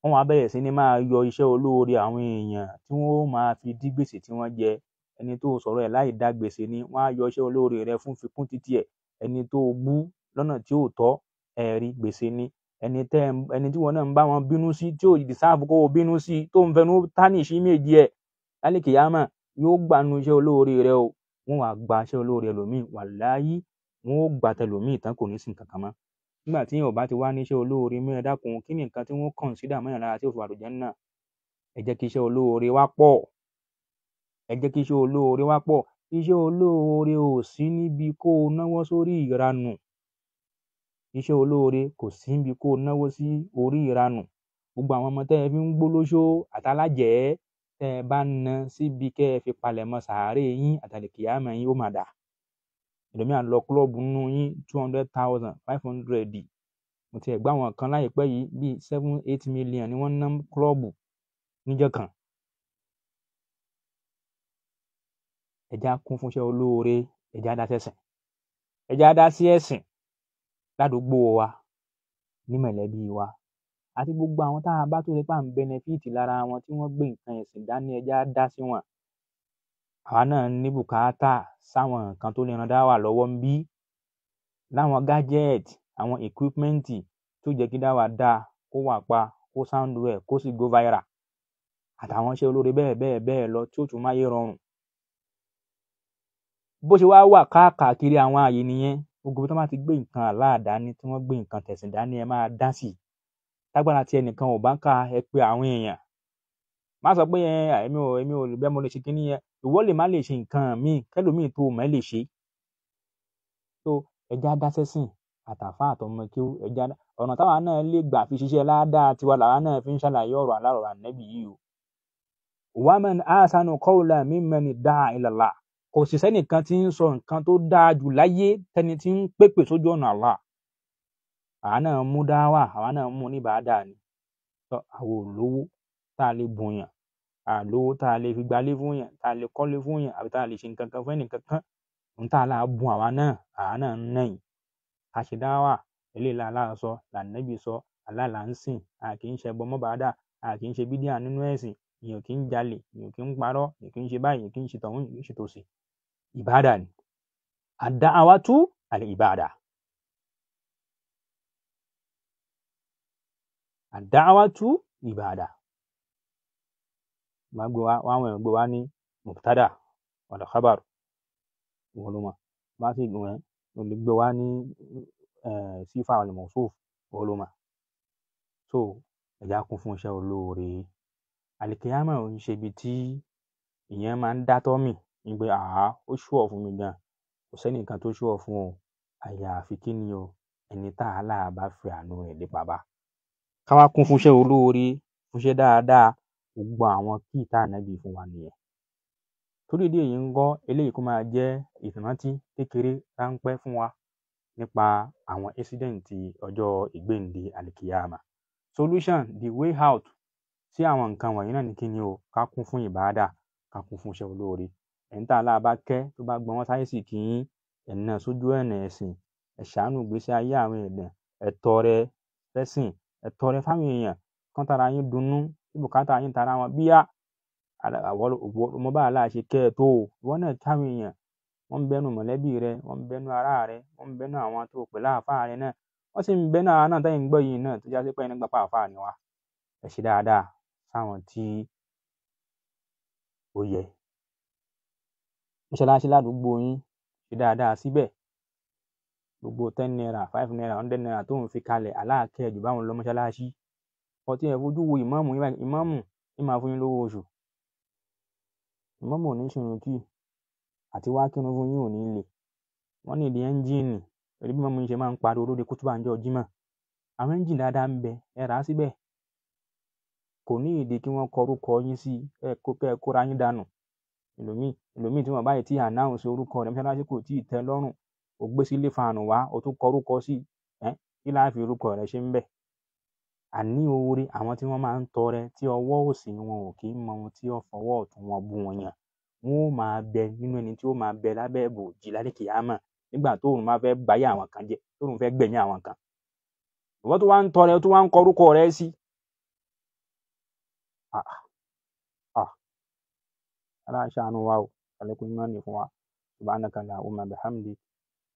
wọ́n wá bẹ̀rẹ̀ sí ní máa yọ iṣẹ́ olóore àwọn èèyàn tí wọ́n ó máa fi dí gbèsè tí wọ́n jẹ ẹni tó sọ̀rọ̀ ẹ̀ láì dá gbèsè ni wọ́n á yọ iṣẹ́ olóore rẹ fún fikún títí ẹ̀ ẹni tó bú lọ́nà tí ò tọ́ ẹ̀rí gbèsè ni ẹni tẹ́ ẹni tí wọn náà ń bá wọn bínú sí tí ò dìsáàfù kó o bínú sí tó ń fẹnu tánìṣí méjì ẹ̀ lálẹ́kìyàmọ̀ yóò gbanu iṣẹ́ olóore rẹ o wọ́n wàá gba iṣẹ́ olóore ẹlòmíì wàláhí wọ́n ó gba tẹlòmíì tán kò ní sí nǹkan kan nígbà tí èèyàn ò bá ti wá níṣẹ́ olóore mọ́ ẹ kí ni nǹkan tí wọ́n consider mọ́ èèyàn lára tí ò fi wà àlùjánnà ẹ jẹ́ kí iṣẹ́ olóore wá pọ̀ ẹ jẹ́ kí iṣẹ́ olóore wá pọ̀ iṣẹ́ olóore ò sí níbi kó o náwó sórí ìranù iṣẹ́ olóore kò sí níbi kó o náwó sí orí ìranù gbogbo àwọn ọmọ tẹ́ ẹ fi ń gbólóṣó àtàlájẹ́ tẹ́ ẹ bá ń na síbi kẹ́ ẹ fi palẹ̀mọ́ sàárè yín àtàlìkìyàmọ̀ yín ó mà dà ẹlòmíì à ń lọ klọ́ọ̀bù nínú yín two hundred thousand five hundred mo ti ẹ̀ gbọ́ àwọn kan láìpẹ́ yìí bíi seven eight million ni wọ́n ná klọ́ọ̀bù níjọ́ kan ẹja kún fúnṣẹ́ olóore ẹja dá sẹ́sìn ẹja dá sí ẹ̀sìn ládùúgbò wa ní mẹ̀lẹ́bí wa àti gbogbo àwọn tá a bá tó rí pé à ń bẹnẹfíìtì lára wọn tí wọ́n gbé nǹkan ẹ̀sìn dání ẹja dá sí wọn àwa náà ní bùkátà sáwọn nǹkan tó lè ran dáwà lọ́wọ́ ń bí láwọn gadget àwọn equipment tó jẹ́ kí dáwà dáa kó wà pa kó sound well kó sì go viral àtàwọn iṣẹ́ olóore bẹ́ẹ̀ bẹ́ẹ̀ bẹ́ẹ̀ lọ tí ó tún máyé rọrùn bó ṣe wá wà káàkiri àwọn ààyè nìyẹn gbogbo tó bá ti gbé nǹkan aláàdáni tí wọ́n gbé nǹkan tẹ̀sìn dání ẹ máa dá sí i tágbára tí ẹnìkan ò bá ń ka ẹ pé àwọn èèyàn má sọ pé èmi ò èmi ò bẹ́ẹ̀ mo lè ṣe kínní yẹn ìwọ lè má lè ṣe nǹkan míì kẹlòmíì tó mọ̀ ẹ́ lè ṣe so ẹja dáṣẹ́ sìn àtàfà àtọmọ kí ó ẹja ọ̀nà táwa náà lè gbà fi ṣiṣẹ́ ládàá tiwa làwa náà fi ń ṣàlàyé ọ̀rọ̀ alárọ̀rọ̀ ànẹ́bì yìí o wàmẹ́n àṣàánú kọ́ọ̀lá mímẹ́ni dáa ìlàlá kò sì sẹ́nìkan tí ń sọ nǹkan tó dáa jù láyé tẹni tí ń pèpè sójú ọ̀nà Allah àwa náà mú dáwà àwa náà mú oníbàádà ni àwọn olówó tá a lè bùnyàn àlówó tá a lè fi gbalé fún yàn tá a lè kọ́lé fún yàn àbí tá a lè ṣe nǹkan kan fún ẹnìkan kan òun tá a là á bun àwa náà àwa náà ń nà yìí ká ṣe dáwà eléyìí làlá sọ lànàbì sọ aláàlá ń sìn a kì í ṣe ẹbọ mọbàdà a kì í ṣe bídíà nínú ẹ̀sìn èèyàn kì í jalè èèyàn kì í parọ́ èèyàn kì í ṣe báyìí èèyàn kì í ṣe tọ̀hún èèyàn kì í ṣe tòsí ìbádà ni àdáhàwátú àlè ìbádà àdáhàwátú ìbádà máa gbé wá wọn èèyàn gbé wá ní mubtada wal khabar òun ló mọ bá sì gbé wọn o lè gbé wá ní sífà wal mawsuf òun ló mọ so ẹja kún fún iṣẹ́ olóore àlìkìyámà ò ń ṣe ibi tí ìyẹn máa ń dátọ́ mì ní pé àá ó ṣùọ̀ mi gan kò sẹ́nìkan tó ṣùọ̀ fún o àyàfi kí ni o ẹni tá a là fi àánú rẹ̀ lépa bá ká wá kún fún iṣẹ́ olóore fún iṣẹ́ dáadáa gbogbo àwọn kíì tá ànábì fún wa nìyẹn torí ìdí èyí ńkọ́ eléyìí kó máa jẹ́ ìrántí kékeré ráńpẹ́ fún wa nípa àwọn ẹ́sídẹ̀ǹtì ọjọ́ ìgbéǹde àlìkìyámà solution the way out sí àwọn nǹkan wọ̀nyí náà ni kí ni o ká kún fún ìbáàdà ká kún fún iṣẹ́ olóore ẹ̀yin tá aláà bá kẹ́ tó bá gbọ́n wọ́n sáyé sì kí yín ẹ̀ sójú ọ̀nà ẹ̀sìn ẹ̀ ìgbésí ayé àwọn èèyàn ẹ̀ tọrẹ fẹ́sìn ẹ̀ tọrẹ fáwọn èèyàn kán tára yín dunnú bùkátà yín tara wọn bíyà àwọn ọmọ bá aláà ṣe kẹ́ ẹ tó o ìwọ náà táwọn èèyàn wọ́n ń bẹnu mọ̀lẹ́bí rẹ wọ́n ń bẹnu ará rẹ wọ́n ń bẹnu àwọn tó pè láàfáà rẹ náà wọ́n sì ń bẹnu àwọn náà tẹ́yìn gbọ́ yìí náà tó já sí pé gbapá àfáà ni wá ẹ ṣe dáadáa sáwọn tí ó yẹ mọ́ṣáláṣí ládùúgbò yín ṣe dáadáa síbẹ̀ gbogbo ten naira five naira hundred naira tó ń fi kalẹ̀ aláàkẹ́ jù báwọn lọ mọ́ṣáláṣí but ẹ fojú wo ìmáàmù yín báyìí ìmáàmù ń máa fún yín lówó oṣù ìmáàmù ò ní ṣìrun kí àti wá kírun fún yín ò ní le wọn ní ìdí ẹńjìnì pẹ̀lú bí mọmú yín ṣe máa ń pariwo lórí kútùbà ńjọ jimá àwọn ẹńjìnì dáadáa ń bẹ ẹ rà á síbẹ̀ kò ní ìdí kí wọn kọ orúkọ yín sí ẹ kó kẹ ẹ kóra yín dànù ẹlòmíì ẹlòmíì tí wọn báyìí tí àní oore àwọn tí wọ́n máa ń tọrẹ tí ọwọ́ òsì wọn ò kí ń mọ ohun tí ó fọwọ́ ọ̀tún wọn bù wọn yàn wọn ó máa bẹ nínú ẹni tí ó máa bẹ lábẹ́ ìbòjì lálẹ́ kìámà nígbà tóòrùn bá fẹ́ báyé àwọn kan jẹ tóòrùn fẹ́ gbẹ̀mí àwọn kan ìwọ tó wá ń tọrẹ tó wá ń kọ orúkọ rẹ sí aláṣàánú wa o alẹ́kùn imáni fún wa subhanaka allahumma bihamdik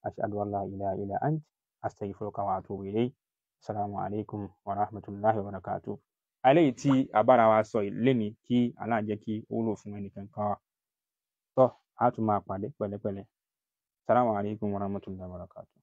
ashhadu an la ilaha illa ant astaghfiruka wa atubu ilayk salamu alaykum wa rahmatulahi wa barakatuh eléyìí tí abára wa sọ lẹ́ni kí Allah jẹ́ kí ó wúlò fún ẹnìkan kan wa tó a tún máa pàdé pẹ̀lẹ́pẹ̀lẹ́ salamu alaykum wa rahmatulahi wa barakatuh.